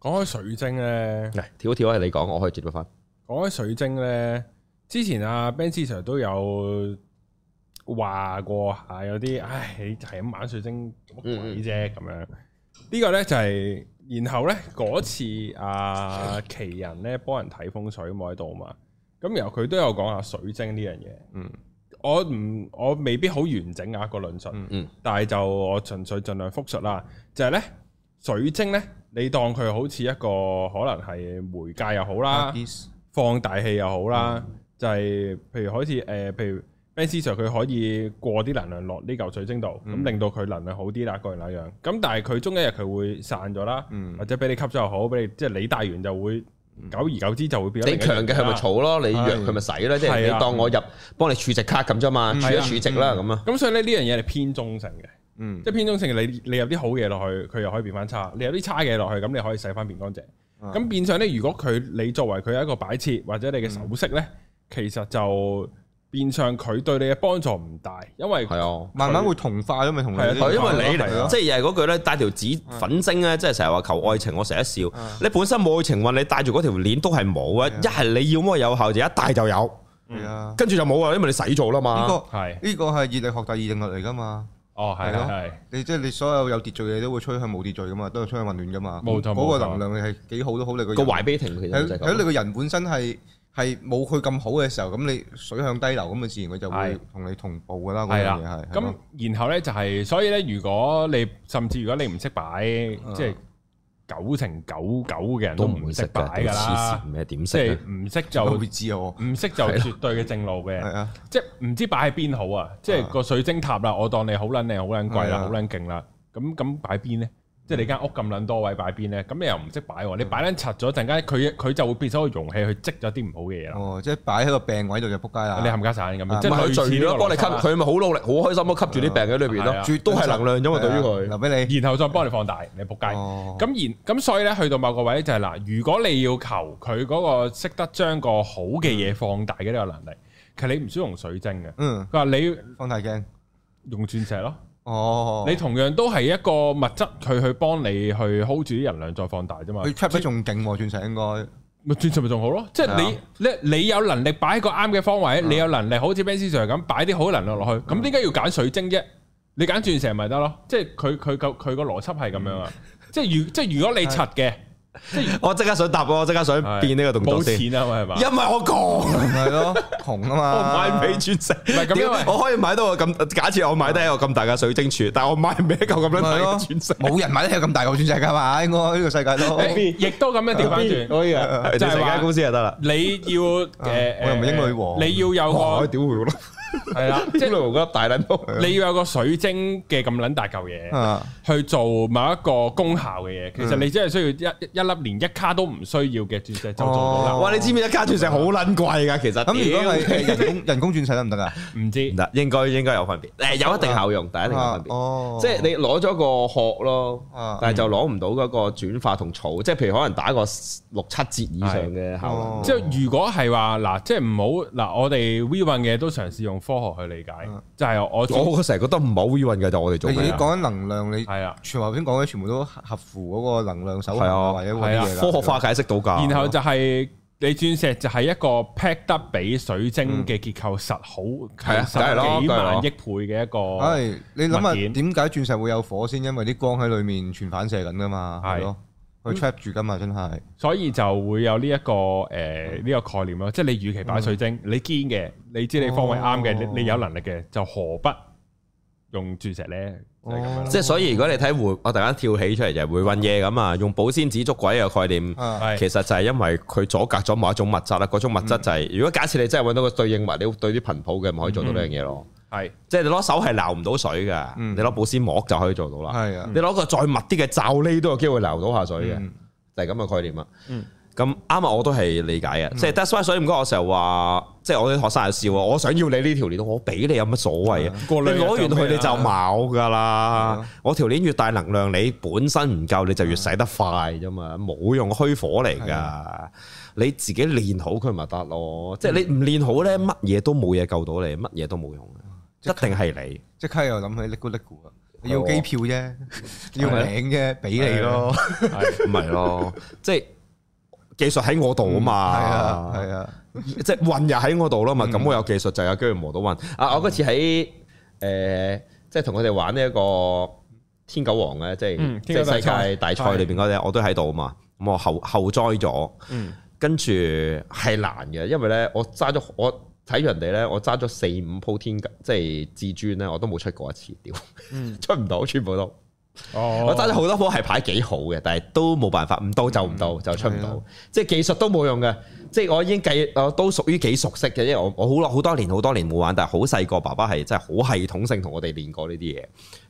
講開水晶咧，嚟跳一跳係你講，我可以接咗翻。講開水晶咧，之前阿 Benz 都有。話過下有啲唉，就係咁玩水晶乜鬼啫、啊、咁樣。這個、呢個咧就係、是，然後咧嗰次啊，奇人咧幫人睇風水冇喺度嘛，咁、嗯、然後佢都有講下水晶呢樣嘢。嗯，我唔，我未必好完整啊、這個論述，嗯嗯、但係就我純粹盡量複述啦。就係、是、咧，水晶咧，你當佢好似一個可能係媒介又好啦，放大器又好啦，嗯、就係、是、譬如好似誒、呃，譬如。fans 上佢可以過啲能量落呢嚿水晶度，咁令到佢能量好啲啦，各樣嗱樣。咁但係佢中一日佢會散咗啦，或者俾你吸收又好，俾你即係你帶完就會久而久之就會變。你強嘅係咪儲咯，你弱佢咪洗咯，即係你當我入幫你儲值卡咁啫嘛，儲一儲值啦咁啊。咁所以咧呢樣嘢係偏中性嘅，即係偏中性。你你有啲好嘢落去，佢又可以變翻差；你有啲差嘢落去，咁你可以洗翻變乾淨。咁變相咧，如果佢你作為佢一個擺設或者你嘅首飾咧，其實就～變相佢對你嘅幫助唔大，因為係啊，慢慢會同化咁咪同你，因為你嚟咯，即係又係嗰句咧，帶條紫粉晶咧，即係成日話求愛情，我成日笑。你本身冇愛情運，你帶住嗰條鏈都係冇嘅。一係你要麼有效，就一帶就有，啊，跟住就冇啊，因為你使咗啦嘛。呢個係呢個係熱力學第二定律嚟㗎嘛。哦，係咯，係。你即係你所有有秩序嘅嘢都會趨向冇秩序㗎嘛，都係趨向混亂㗎嘛。冇錯，冇錯，嗰個能量係幾好都好，你個個懷停情其實喺你個人本身係。係冇佢咁好嘅時候，咁你水向低流，咁佢自然佢就會同你同步噶啦。嗰樣嘢係。咁然後咧就係，所以咧如果你甚至如果你唔識擺，即係九成九九嘅人都唔會識擺㗎啦。黐線咩點識？即係唔識就會知哦。唔識就絕對嘅正路嘅。係啊，即係唔知擺喺邊好啊！即係個水晶塔啦，我當你好撚靚、好撚貴啦，好撚勁啦。咁咁擺邊咧？即係你間屋咁撚多位擺邊咧，咁你又唔識擺喎、啊？你擺撚柒咗陣間，佢佢就會變咗個容器去積咗啲唔好嘅嘢啦。哦，即係擺喺個病位度就撲街啦，你冚家鏟咁樣，啊、即係佢聚咗幫你吸，佢咪好努力好開心咯，吸住啲病喺裏邊咯，絕都係能量啫嘛。對於佢留俾你，然後再幫你放大，你撲街。咁、哦、然咁所以咧，去到某個位就係、是、嗱，如果你要求佢嗰個識得將個好嘅嘢放大嘅呢個能力，嗯、其實你唔需要用水晶嘅。嗯，佢話你放大鏡用鑽石咯。哦，你同樣都係一個物質，佢去幫你去 hold 住啲人量，再放大啫嘛。佢 trap 得仲勁鑽石應該，鑽石咪仲好咯。即係你咧的，你有能力擺喺個啱嘅方位，的你有能力好似 Ben Sir 咁擺啲好能量落去，咁點解要揀水晶啫？你揀鑽石咪得咯。即係佢佢個佢個邏輯係咁樣啊。嗯、即係如即係如果你柒嘅。我即刻想答我，即刻想變呢個動作先。冇錢啊係嘛，因為我窮啊嘛，我買唔起鑽石。唔係咁，因為我可以買到咁。假設我買得起一個咁大嘅水晶柱，但係我買唔起嚿咁樣大嘅鑽石，冇人買得起咁大嘅鑽石噶嘛？應該呢個世界都，B 亦都咁樣調翻轉，可以啊，就成間公司就得啦。你要誒，我又唔係英女皇，你要有我個，我屌佢咯。係啦，即係你話覺得大卵多，你要有個水晶嘅咁卵大嚿嘢，去做某一個功效嘅嘢，其實你真係需要一一粒連一卡都唔需要嘅鑽石就做到啦。哇，你知唔知一卡鑽石好卵貴噶？其實咁如果係人工人工鑽石得唔得啊？唔知唔得，應該應該有分別。有一定效用，但係一定有分別。即係你攞咗個殼咯，但係就攞唔到嗰個轉化同儲，即係譬如可能打個六七折以上嘅效率。即係如果係話嗱，即係唔好嗱，我哋 r e o n 嘅都嘗試用。科學去理解，的就係我我成日覺得唔係好易運嘅，就我哋做嘅。你講緊能量，你係啊，全部先講嘅全部都合符嗰個能量守恆定律嘅嘢。科學化解釋到㗎。的然後就係、是、你鑽石就係一個 pack 得比水晶嘅結構、嗯嗯、實好，係啊，實幾萬億倍嘅一個。係你諗下點解鑽石會有火先？因為啲光喺裡面全反射緊㗎嘛，係咯的。佢 trap 住㗎嘛，真係，所以就會有呢、這、一個誒呢、呃這個概念咯。即係你與其擺水晶，嗯、你堅嘅，你知你方位啱嘅，你、哦、你有能力嘅，就何不用鑽石咧？即、就、係、是哦、所以，如果你睇回我突然間跳起出嚟就回魂夜咁啊，嗯、用保鮮紙捉鬼嘅概念，嗯、其實就係因為佢阻隔咗某一種物質啦。嗰種物質就係、是，如果假設你真係揾到個對應物，你對啲頻譜嘅，咪可以做到呢樣嘢咯。嗯係，即係你攞手係流唔到水噶，你攞保鮮膜就可以做到啦。係啊，你攞個再密啲嘅罩呢都有機會流到下水嘅，就係咁嘅概念啦。咁啱啊，我都係理解嘅。即係但係所以唔該我成日話，即係我啲學生又笑啊，我想要你呢條鏈，我俾你有乜所謂啊？你攞完佢你就冇噶啦。我條鏈越大能量，你本身唔夠你就越使得快啫嘛，冇用虛火嚟噶。你自己練好佢咪得咯，即係你唔練好咧，乜嘢都冇嘢救到你，乜嘢都冇用嘅。一定係你，即刻又諗起叻咕叻咕啊！要機票啫，要名啫，俾你咯，唔係咯，即係技術喺我度啊嘛，係啊係啊，即係運又喺我度啦嘛，咁我有技術就有機會磨到運啊！我嗰次喺誒，即係同佢哋玩呢一個天狗王啊，即係即係世界大賽裏邊嗰隻，我都喺度啊嘛，咁我後後栽咗，跟住係難嘅，因為咧我揸咗我。睇住人哋咧，我揸咗四五鋪天即係至尊咧，我都冇出過一次屌，出唔到，全部都。哦，我揸咗好多鋪係牌幾好嘅，但係都冇辦法，唔到就唔到、嗯、就出唔到，嗯、即係技術都冇用嘅。即係、嗯、我已經計，我都屬於幾熟悉嘅，因為我我好耐，好多年好多年冇玩，但係好細個，爸爸係真係好系統性同我哋練過呢啲嘢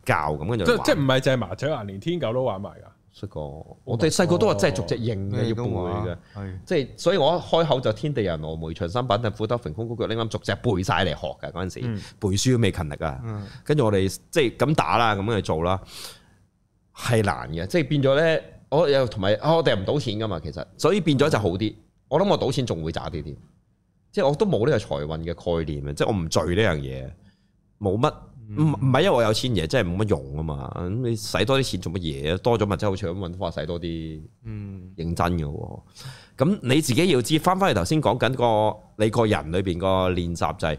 教咁樣，跟住即係唔係淨係麻雀啊，連天狗都玩埋噶。出過，我哋細個都係真係逐隻認嘅，哦、要背嘅，係，即係所以我一開口就天地人、峨眉、長生板凳、虎得騰空、谷腳呢啱逐隻背晒嚟學嘅。嗰陣時背書都未勤力啊，跟住我哋即係咁打啦，咁樣去做啦，係難嘅。即係變咗咧，我又同埋我哋唔賭錢噶嘛，其實所以變咗就好啲。我諗我賭錢仲會渣啲啲，即係我都冇呢個財運嘅概念啊，即係我唔聚呢樣嘢，冇乜。唔唔係因為我有錢嘢，真係冇乜用啊嘛！咁你使多啲錢做乜嘢？多咗咪即係好似咁搵法使多啲，多認真嘅。咁、嗯、你自己要知翻翻嚟頭先講緊個你個人裏邊個練習就係、是，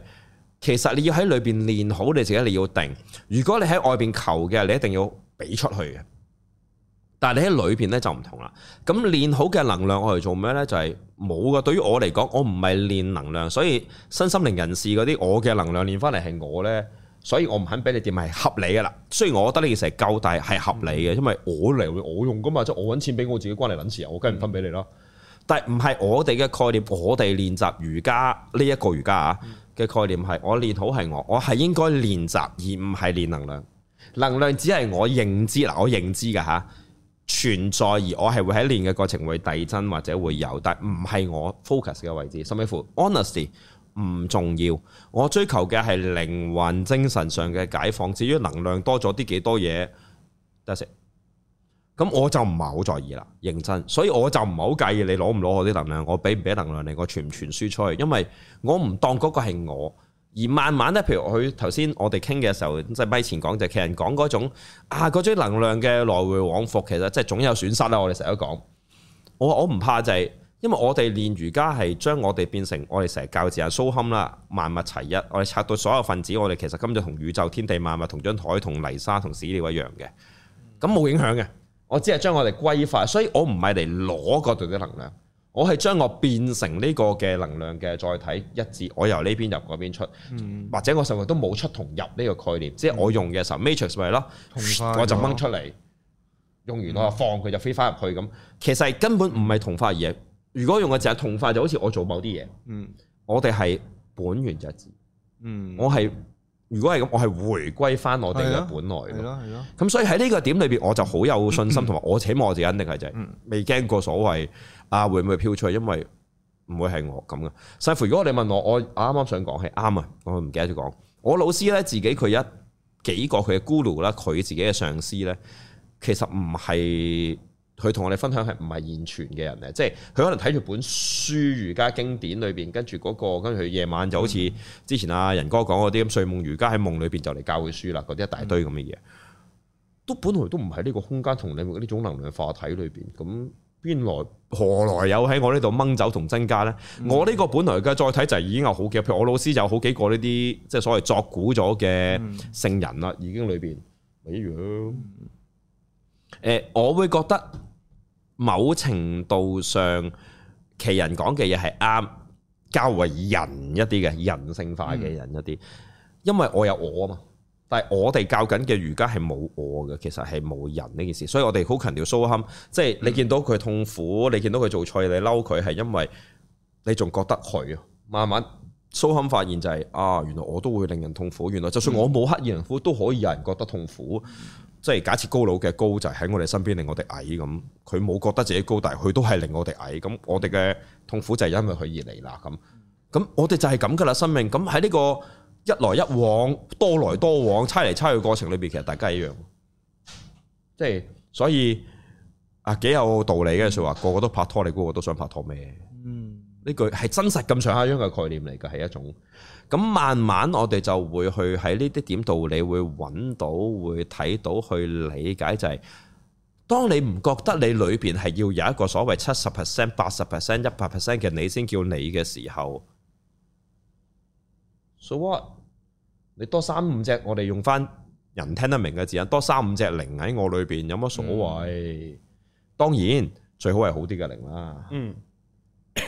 其實你要喺裏邊練好你自己，你要定。如果你喺外邊求嘅，你一定要俾出去嘅。但係你喺裏邊咧就唔同啦。咁練好嘅能量我嚟做咩咧？就係冇個。對於我嚟講，我唔係練能量，所以身心靈人士嗰啲我嘅能量練翻嚟係我咧。所以我唔肯俾你掂，係合理噶啦。雖然我覺得呢件事係夠大，係合理嘅，因為我嚟會我用噶嘛，即係我揾錢俾我自己關嚟揾錢，我梗係唔分俾你咯。嗯、但係唔係我哋嘅概念，我哋練習瑜伽呢一個瑜伽啊嘅概念係我練好係我，我係應該練習而唔係練能量。能量只係我認知嗱，我認知噶吓。存在，而我係會喺練嘅過程會遞增或者會有，但係唔係我 focus 嘅位置，甚至乎 honesty。Hon esty, 唔重要，我追求嘅係靈魂精神上嘅解放。至於能量多咗啲幾多嘢，得先。咁我就唔係好在意啦，認真。所以我就唔係好介意你攞唔攞我啲能量，我俾唔俾能量你，我傳唔傳輸出去。因為我唔當嗰個係我。而慢慢咧，譬如佢頭先我哋傾嘅時候，即係咪前講就係其實講嗰種啊，嗰種能量嘅來回往復，其實即係總有損失啦。我哋成日都講，我我唔怕就係。因為我哋練瑜伽係將我哋變成我哋成日教字眼蘇堪啦，萬物齊一，我哋拆到所有分子，我哋其實今日同宇宙天地萬物同張台同泥沙同屎尿一樣嘅，咁冇影響嘅。我只係將我哋歸化，所以我唔係嚟攞嗰度嘅能量，我係將我變成呢個嘅能量嘅載體一致，一字我由呢邊入嗰邊出，嗯、或者我甚至都冇出同入呢個概念，嗯、即係我用嘅時候 matrix 咪咯，我就掹出嚟，用完我就放佢就飛翻入去咁，嗯、其實係根本唔係同化嘢。如果用嘅就係同化，就好似我做某啲嘢，嗯，我哋係本源就字，嗯，我係如果係咁，我係回歸翻我哋嘅本來咯，係咯、啊，咁、啊啊、所以喺呢個點裏邊，我就好有信心，同埋我請望我自己，肯定係就係未驚過所謂啊會唔會飄出去，因為唔會係我咁嘅。甚至如果你問我，我啱啱想講係啱啊，我唔記得咗講。我老師咧自己佢一幾個佢嘅 Guru 啦，佢自己嘅上司咧，其實唔係。佢同我哋分享係唔係現存嘅人嚟，即係佢可能睇住本書瑜伽經典裏邊，跟住嗰、嗰個跟住佢夜晚就好似之前阿、啊、仁哥講嗰啲咁，睡夢瑜伽喺夢裏邊就嚟教佢書啦，嗰啲一大堆咁嘅嘢，都本來都唔喺呢個空間同你呢種能量化體裏邊，咁邊來何來有喺我呢度掹走同增加呢？嗯、我呢個本來嘅再睇就已經有好幾，譬如我老師就好幾個呢啲即係所謂作古咗嘅聖人啦，已、嗯、經裏邊一樣。誒，我會覺得。某程度上，高人講嘅嘢係啱，較為人一啲嘅人性化嘅人一啲。嗯、因為我有我啊嘛，但係我哋教緊嘅瑜伽係冇我嘅，其實係冇人呢件事。所以我哋好強調蘇堪，即係你、嗯、你見到佢痛苦，你見到佢做錯嘢，你嬲佢係因為你仲覺得佢。慢慢蘇堪發現就係、是、啊，原來我都會令人痛苦，原來就算我冇乞人苦，都可以有人覺得痛苦。嗯嗯即係假設高佬嘅高就喺我哋身邊令我哋矮咁，佢冇覺得自己高，但佢都係令我哋矮咁。我哋嘅痛苦就係因為佢而嚟啦，咁。咁我哋就係咁噶啦，生命咁喺呢個一來一往，多來多往，猜嚟猜去過程裏邊，其實大家一樣。即係是所以啊，幾有道理嘅，就是，說話，個個都拍拖，你估個個都想拍拖咩？嗯，呢句係真實咁上下樣嘅概念嚟嘅，係一種。咁慢慢我哋就會去喺呢啲點度，你會揾到會睇到去理解就係、是，當你唔覺得你裏邊係要有一個所謂七十 percent、八十 percent、一百 percent 嘅你先叫你嘅時候，so what？你多三五隻，我哋用翻人聽得明嘅字眼，多三五隻零喺我裏邊有乜所謂？嗯、當然最好係好啲嘅零啦。嗯。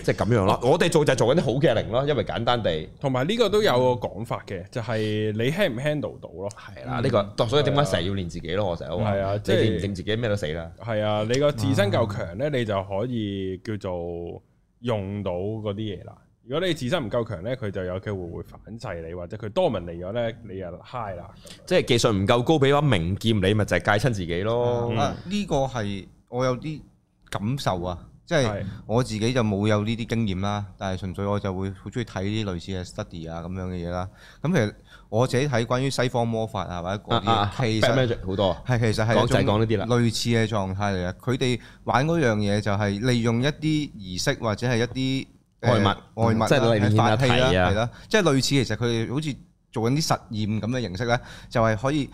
即係咁樣咯，我哋做就係做緊啲好嘅靈咯，因為簡單地。同埋呢個都有個講法嘅，嗯、就係你 handle 唔 handle 到咯。係啦的，呢、嗯呢個，所以點解成日要練自己咯？我成日都話。係啊，即係練唔練自己咩都死啦。係啊，你個自身夠強咧，你就可以叫做用到嗰啲嘢啦。如果你自身唔夠強咧，佢就有機會會反制你，或者佢多文嚟咗咧，你又 high 啦。的樣即係技術唔夠高，俾把名劍你咪就係、是、戒親自己咯。呢、嗯啊呢個係我有啲感受啊。即係我自己就冇有呢啲經驗啦，但係純粹我就會好鍾意睇啲類似嘅 study 啊咁樣嘅嘢啦。咁其實我自己睇關於西方魔法啊或者嗰啲，其實好多係其實係講就講呢啲啦。類似嘅狀態嚟嘅，佢哋玩嗰樣嘢就係利用一啲儀式或者係一啲外物外物喺法器啦，係啦，即係類似其實佢哋好似做緊啲實驗咁嘅形式咧，就係、係、可以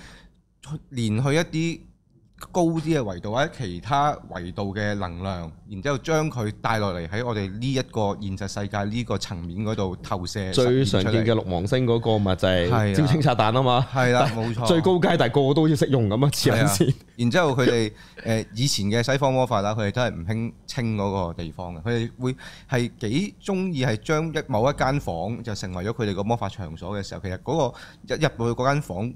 連去一啲高啲嘅維度或者其他維度嘅能量，然之後將佢帶落嚟喺我哋呢一個現實世界呢個層面嗰度投射。最常見嘅六芒星嗰個咪就係招請撒旦啊嘛。係啦的，冇錯。最高階，的但係個的個都要識用咁啊，黐撚線。然之後佢哋誒以前嘅西方魔法啦，佢哋都係唔興清嗰個地方嘅，佢哋會係幾中意係將一某一間房就成為咗佢哋個魔法場所嘅時候，其實嗰個一入到去嗰間房間。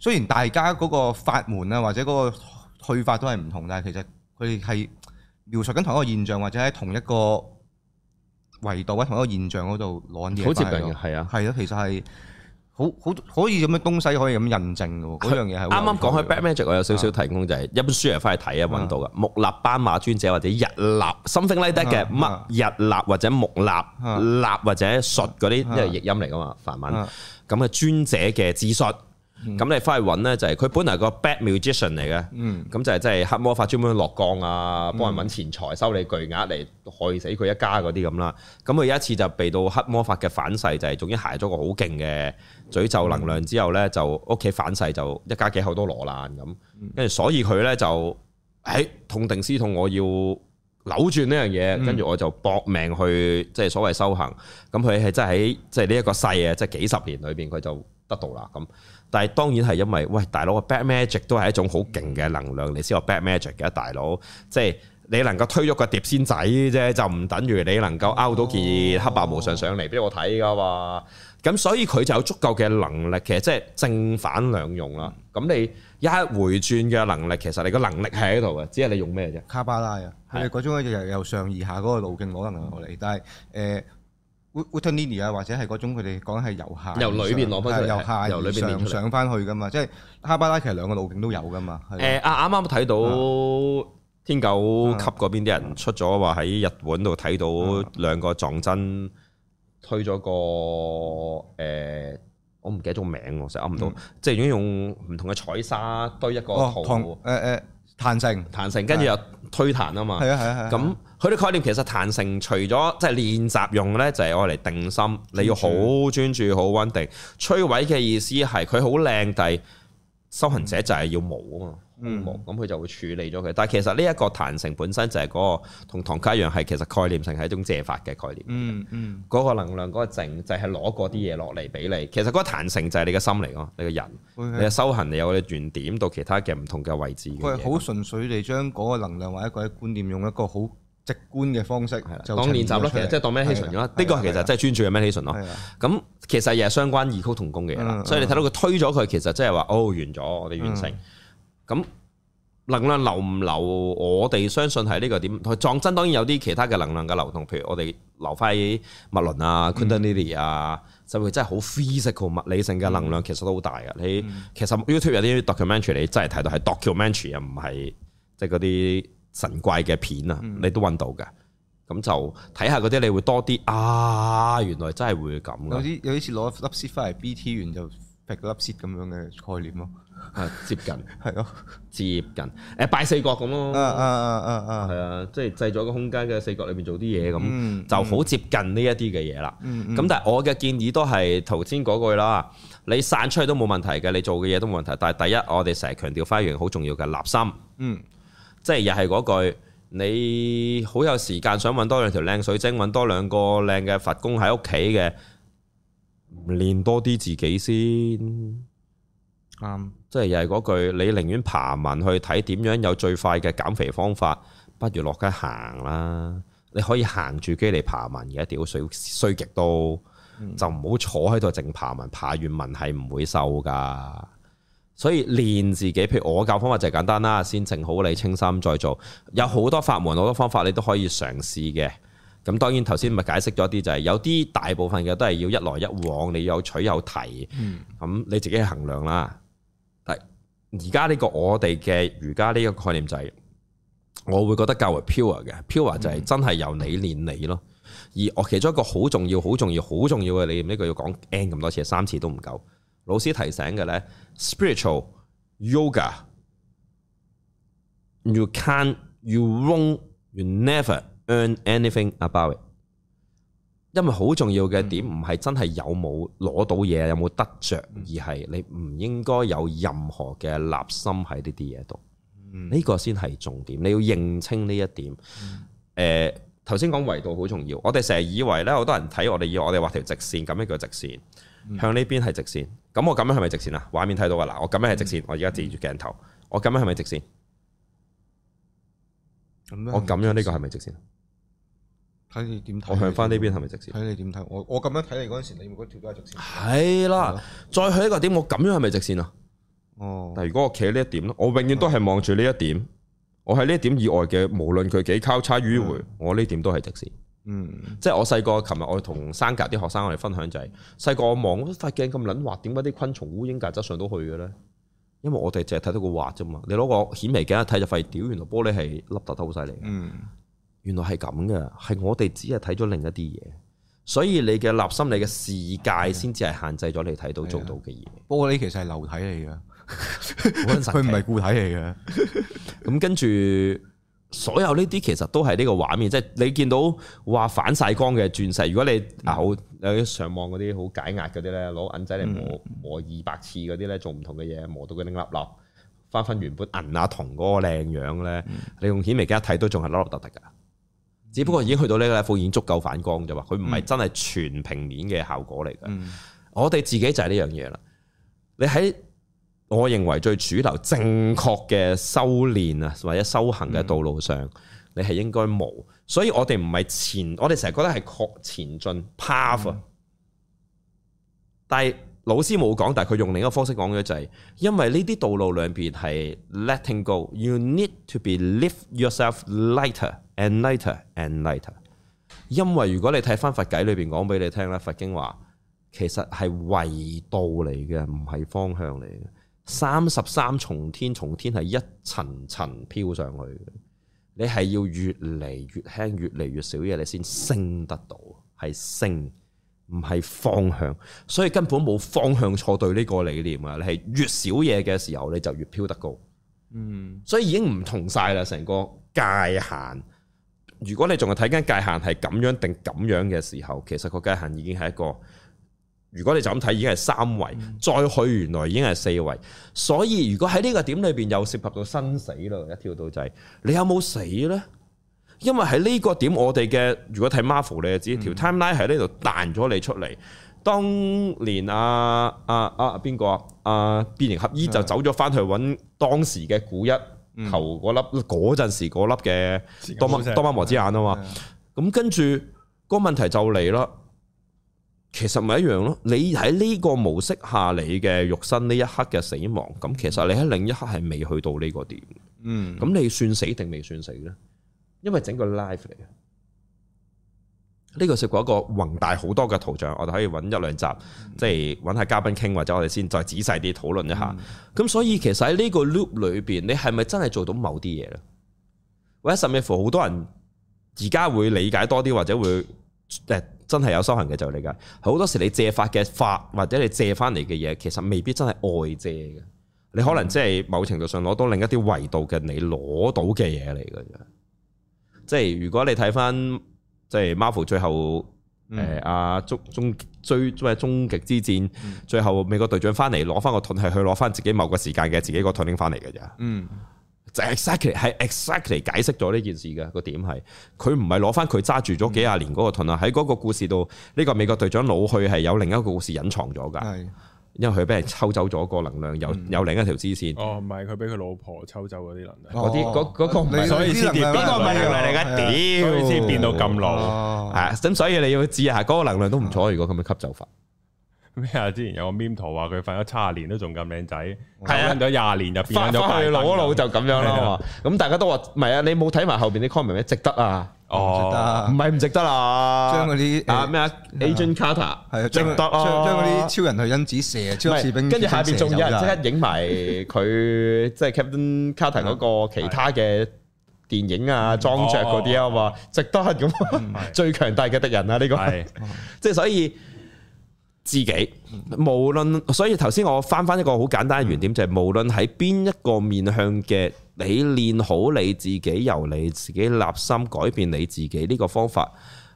雖然大家嗰個法門啊，或者嗰個去法都係唔同，但係其實佢哋係描述緊同一個現象，或者喺同一個維度喺同一個現象嗰度攞啲嘢。好接近嘅，係啊，係咯，其實係好好可以咁嘅東西，可以咁印證嘅喎。嗰樣嘢係啱啱講開 bad magic，我有少少提供就係一本書嚟，翻去睇啊，揾到嘅木立斑馬專者或者日立，Something like that 嘅木日立或者木立、啊、立或者術嗰啲，因為譯音嚟嘅嘛，梵文咁啊， 專,專者嘅資術。咁、嗯、你翻去揾咧就係、是、佢本嚟個 bad musician 嚟嘅，咁就係即係黑魔法專門落降啊，幫人揾錢財收你巨額嚟害死佢一家嗰啲咁啦。咁佢有一次就被到黑魔法嘅反噬，就係終於行咗個好勁嘅詛咒能量之後咧，嗯、就屋企反噬就一家幾口都攞爛咁。跟住、嗯、所以佢咧就喺、哎、痛定思痛，我要扭轉呢樣嘢，跟住、嗯、我就搏命去即係、就是、所謂修行。咁佢係真係喺即係呢一個世啊，即、就、係、是、幾十年裏邊佢就得道啦咁。但係當然係因為，喂，大佬 bad magic 都係一種好勁嘅能量，嗯、你先有 bad magic 嘅大佬，即係你能夠推咗個碟仙仔啫，就唔等於你能夠 out 到件、哦、黑白無常上嚟俾我睇噶嘛。咁所以佢就有足夠嘅能力，其實即係正反兩用啦。咁、嗯、你一回轉嘅能力，其實你個能力喺度嘅，只係你用咩啫？卡巴拉啊，係嗰種由由上而下嗰個路徑攞能量落嚟，嗯、但係誒。呃烏烏托尼啊，或者係嗰種佢哋講係遊客，由裏邊攞翻去嚟，客，由裏邊上上翻去噶嘛，即、就、係、是、哈巴拉其實兩個路徑都有噶嘛。誒，啱啱睇到天狗級嗰邊啲人出咗話喺日本度睇到兩個撞真推咗個誒、呃，我唔記得咗名，我實諗唔到，嗯、即係如果用唔同嘅彩砂堆一個圖，誒誒、哦呃呃、彈性彈性，跟住又推彈啊嘛，係啊係啊係啊咁。佢啲概念其實彈性，除咗即係練習用咧，就係愛嚟定心。你要好專注，好穩定。摧毀嘅意思係佢好靚，但係修行者就係要冇啊嘛，咁佢、嗯、就會處理咗佢。但係其實呢一個彈性本身就係嗰個同唐卡一樣，係其實概念性係一種借法嘅概念。嗯嗯、嗰個能量、嗰個靜就係攞嗰啲嘢落嚟俾你。其實嗰個彈性就係你嘅心嚟㗎，你個人，Okay. 你嘅修行你有你原點到其他嘅唔同嘅位置。佢好純粹地將嗰個能量或者嗰啲觀念用一個好。直觀嘅方式係當練習咯，其實即係當 meditation 嘅啦。呢個其實真係專注嘅 meditation 咯。咁其實又係相關異曲同工嘅嘢啦。所以你睇到佢推咗佢，其實即係話哦完咗，我哋完成。咁能量流唔流，我哋相信係呢個點撞真。當然有啲其他嘅能量嘅流動，譬如我哋流翻去物輪啊、quantum theory 啊，就至真係好 physical 物理性嘅能量，其實都好大㗎。你其實 YouTube 有啲 documentary，你真係睇到係 documentary 又唔係即係嗰啲。神怪嘅片啊，你都揾到嘅，咁就睇下嗰啲，你會多啲啊，原來真係會咁嘅。有啲有啲似攞粒絲返嚟 B T 完就劈粒絲咁樣嘅概念咯，係接近，係咯，接近，誒 的、啊，拜四角咁咯，啊啊啊啊啊，係啊，即係製咗個空間嘅四角裏邊做啲嘢咁，嗯、就好接近呢一啲嘅嘢啦。咁、嗯、但係我嘅建議都係頭先嗰句啦、嗯嗯，你散出去都冇問題嘅，你做嘅嘢都冇問題。但係第一，我哋成日強調翻一樣好重要嘅立心，嗯。即係又係嗰句，你好有時間想揾多兩條靚水晶，揾多兩個靚嘅佛公喺屋企嘅，練多啲自己先。啱、嗯，即係又係嗰句，你寧願爬文去睇點樣有最快嘅減肥方法，不如落街行啦。你可以行住機嚟爬文嘅，屌水衰極都、嗯、就唔好坐喺度淨爬文，爬完文係唔會瘦噶。所以練自己，譬如我教方法就簡單啦，先靜好理清心再做。有好多法門，好多方法你都可以嘗試嘅。咁當然頭先咪解釋咗啲、就是，就係有啲大部分嘅都係要一來一往，你有取有提。嗯。咁、嗯、你自己衡量啦。而家呢個我哋嘅瑜伽呢個概念就係、是，我會覺得較為 pure 嘅、嗯、pure 就係真係由你練你咯。而我其中一個好重要、好重要、好重要嘅理念，呢、這個要講 n 咁多次，三次都唔夠。老師提醒嘅咧，spiritual yoga，you can't, you, can you won't, you never earn anything about it。因為好重要嘅點，唔係真係有冇攞到嘢，有冇得着，而係你唔應該有任何嘅立心喺呢啲嘢度。呢、這個先係重點，你要認清呢一點。誒、呃，頭先講維度好重要，我哋成日以為咧，好多人睇我哋要我哋畫條直線，咁樣叫直線，向呢邊係直線。咁我咁樣係咪直線啊？畫面睇到嘅嗱，我咁樣係直線，我而家對住鏡頭，我咁樣係咪直線？我咁樣呢個係咪直線？睇你點睇？我向翻呢邊係咪直線？睇你點睇？我我咁樣睇你嗰陣時，你嗰條都係直線。係啦，再去一個點，我咁樣係咪直線啊？哦。但係如果我企喺呢一點，我永遠都係望住呢一點，我喺呢一點以外嘅，無論佢幾交叉迂回，我呢點都係直線。嗯，即係我細個，琴日我同 Sangha 啲學生我哋分享就係細個我望塊鏡咁卵滑，點解啲昆蟲、烏蠅、曱甴上到去嘅咧？因為我哋淨係睇到個滑啫嘛。你攞個顯微鏡一睇就發現，屌，原來玻璃係凹凸得好犀利。嗯，原來係咁嘅，係我哋只係睇咗另一啲嘢，所以你嘅立心、你嘅視界，先至係限制咗你睇到、做到嘅嘢。玻璃其實係流體嚟嘅，佢唔係固體嚟嘅。咁、 嗯、 跟住。所有呢啲其實都係呢個畫面，即係你見到話反晒光嘅鑽石。如果你好有上網嗰啲好解壓嗰啲咧，攞銀仔嚟磨磨二百次嗰啲咧，做唔同嘅嘢磨到佢拎粒落，翻翻原本銀啊銅嗰個靚樣咧，嗯、你用顯微鏡一睇都仲係粒粒突突噶。只不過已經去到呢個咧，已經足夠反光就話，佢唔係真係全平面嘅效果嚟㗎。嗯、我哋自己就係呢樣嘢啦。你喺我認為最主流正確嘅修練啊，或者修行嘅道路上，嗯、你係應該冇。所以我哋唔係前，我哋成日覺得係確前進 power 但係老師冇講，但係佢用另一個方式講咗就係、是，因為呢啲道路兩邊係 letting go，you need to be lift yourself lighter and lighter and lighter。因為如果你睇翻佛偈裏邊講俾你聽咧，佛經話其實係維度嚟嘅，唔係方向嚟嘅。三十三重天，重天係一層層飄上去。你係要越嚟越輕，越嚟越少嘢，你先升得到。係升，唔係方向。所以根本冇方向錯對呢個理念啊！你係越少嘢嘅時候，你就越飄得高。嗯，所以已經唔同晒啦。成個界限，如果你仲係睇緊界限係咁樣定咁樣嘅時候，其實個界限已經係一個。如果你就咁睇，已經係三維，再去原來已經係四維，所以如果喺呢個點裏邊又涉及到生死咯，一跳到仔，你有冇死咧？因為喺呢個點，我哋嘅如果睇 Marvel 你就知，只條 timeline 喺呢度彈咗你出嚟。當年阿阿阿邊個啊？阿、啊啊啊啊啊、變形俠醫就走咗翻去揾當時嘅古一頭嗰粒嗰陣時嗰粒嘅多巴多巴之眼啊嘛。咁跟住個問題就嚟啦。其實咪一樣咯，你喺呢個模式下，你嘅肉身呢一刻嘅死亡，咁、嗯、其實你喺另一刻係未去到呢個點，嗯，咁你算死定未算死呢？因為整個 life 嚟嘅，呢、這個食過一個宏大好多嘅圖像，我哋可以揾一兩集，嗯、即係揾下嘉賓傾，或者我哋先再仔細啲討論一下。咁、嗯、所以其實喺呢個 loop 裏邊，你係咪真係做到某啲嘢呢？或者甚至乎好多人而家會理解多啲，或者會、呃真係有修行嘅就理解，好多時你借法嘅法或者你借翻嚟嘅嘢，其實未必真係外借嘅。你可能即係某程度上攞到另一啲維度嘅你攞到嘅嘢嚟嘅啫。即係如果你睇翻即係 Marvel 最後，誒阿終終最終嘅終極之戰，嗯、最後美國隊長翻嚟攞翻個盾係去攞翻自己某個時間嘅自己個盾拎翻嚟嘅啫。嗯。就 exactly 係 exactly 解釋咗呢件事嘅個點係，佢唔係攞翻佢揸住咗幾十年嗰個盾啊！喺嗰、嗯、個故事度，呢、呢個美國隊長老去係有另一個故事隱藏咗㗎。係因為佢俾人抽走咗個能量，有有另一條支線。嗯、哦，唔係佢俾佢老婆抽走嗰啲能量，嗰啲嗰個唔係。所以先至邊個係能量嚟㗎？佢，先變到咁老啊！咁、啊、所以你要知下嗰、嗰個能量都唔錯，如果咁樣吸走法。咩啊？之前有個 meme 圖話佢瞓咗七十年都仲咁靚仔，係啊，瞓咗廿年就變咗老佬，就咁樣啦嘛。咁大家都話唔係啊，你冇睇埋後邊啲 comment 咩？值得啊，哦，唔係唔值得啦，將嗰啲啊咩啊，Agent Carter 係值得咯，將嗰啲超人去因子射，唔係，跟住下邊仲有人即刻影埋佢，即係 Captain Carter 嗰個其他嘅電影啊，裝着嗰啲啊嘛，值得咁最強大嘅敵人啊，呢個係，即係所以。自己，無論所以頭先我翻翻一個好簡單嘅原點，就係、是、無論喺邊一個面向嘅，你練好你自己，由你自己立心改變你自己呢、這個方法，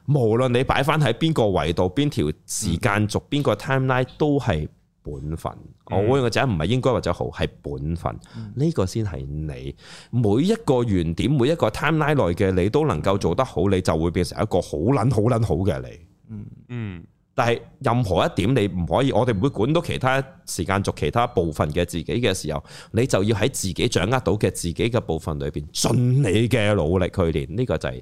無論你擺翻喺邊個維度、邊條時間軸、邊個 timeline 都係本分。嗯、我會用個字唔係應該或者好，係本分。呢、嗯、個先係你每一個原點、每一個 timeline 內嘅你，都能夠做得好，你就會變成一個很很好撚、好撚好嘅你。嗯嗯。但係任何一點你唔可以，我哋唔會管到其他時間做其他部分嘅自己嘅時候，你就要喺自己掌握到嘅自己嘅部分裏邊，盡你嘅努力去練，呢個就係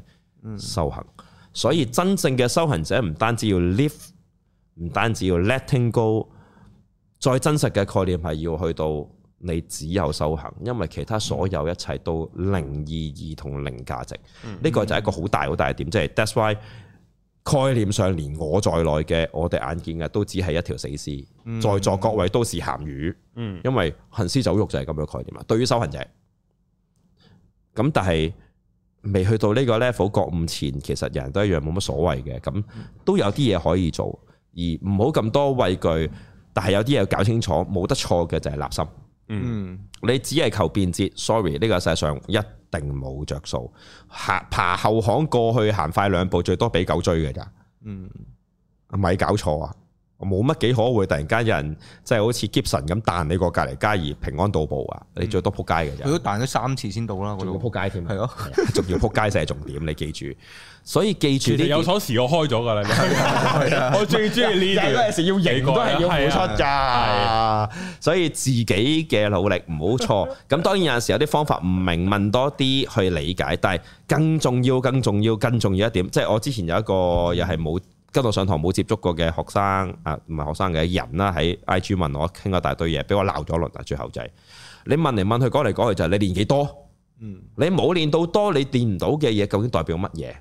修行。所以真正嘅修行者唔單止要 live，唔單止要 letting go，再真實嘅概念係要去到你只有修行，因為其他所有一切都零意義同零價值。呢個就係一個好大好大嘅點，即係 that's why。概念上連我在內嘅我哋眼見嘅都只係一條死屍，在座各位都是鹹魚，mm hmm. 因為行屍走肉就係咁樣概念啊。對於修行者，咁但係未去到呢個 level 覺悟前，其實人人都一樣冇乜所謂嘅，咁都有啲嘢可以做，而唔好咁多畏懼。但係有啲嘢要搞清楚，冇得錯嘅就係立心。嗯，你只係求便捷，sorry，呢個世上一定冇着數，行爬後巷過去行快兩步，最多畀狗追噶咋，嗯，咪搞錯啊！冇乜幾可會突然間有人即係、就是、好似 Gibson 咁彈你個隔籬家而平安到步啊！你最多撲街嘅，如果彈咗三次先到啦，仲要撲街添，係咯，仲要撲街先係重點，你記住。所以記住呢， 住有咗時我開咗噶啦，我最中意呢條 S 時要贏都係要付出噶，所以自己嘅努力唔好錯。咁 當然有陣時有啲方法唔明，問多啲去理解。但係更，更重要、更重要、更重要一點，即、就、係、是、我之前有一個又係冇，跟我上堂冇接觸過嘅學生啊，唔係學生嘅人啦，喺 IG 問我傾咗一大堆嘢，俾我鬧咗輪。但最後就係你問嚟問去講嚟講去就係你練幾多？嗯，你冇練到多，你掂唔到嘅嘢究竟代表乜嘢？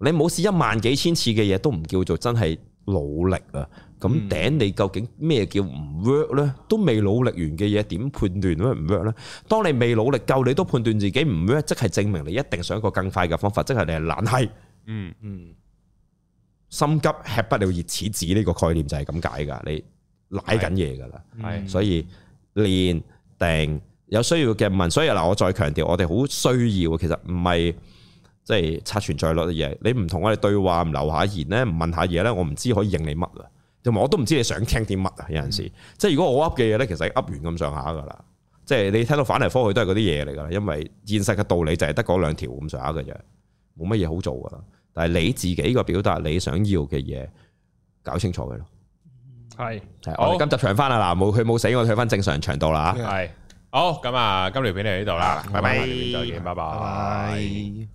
你冇試一萬幾千次嘅嘢都唔叫做真係努力啊！咁頂你究竟咩叫唔 work 咧？都未努力完嘅嘢點判斷咩唔 work 咧？當你未努力夠，你都判斷自己唔 work，即係證明你一定想一個更快嘅方法，即係你係懶係。嗯嗯。心急吃不了熱柿子，呢個概念就係咁解噶，你瀨緊嘢噶啦，的所以練定有需要嘅問。所以嗱，我再強調，我哋好需要，其實唔係即係拆存在落嘅嘢。你唔同我哋對話，唔留下言咧，唔問下嘢咧，我唔知可以應你乜啊，同埋我都唔知你想聽啲乜啊。有陣時，即係如果我噏嘅嘢咧，其實噏完咁上下噶啦，即係你聽到反嚟科去都係嗰啲嘢嚟噶啦，因為現實嘅道理就係得嗰兩條咁上下嘅啫，冇乜嘢好做噶啦。但係你自己個表達，你想要嘅嘢，搞清楚佢咯，係係我今集長翻啦，嗱冇佢冇死，我退翻正常長度啦，係好咁啊，今條片嚟呢度啦，拜拜，再見，拜拜。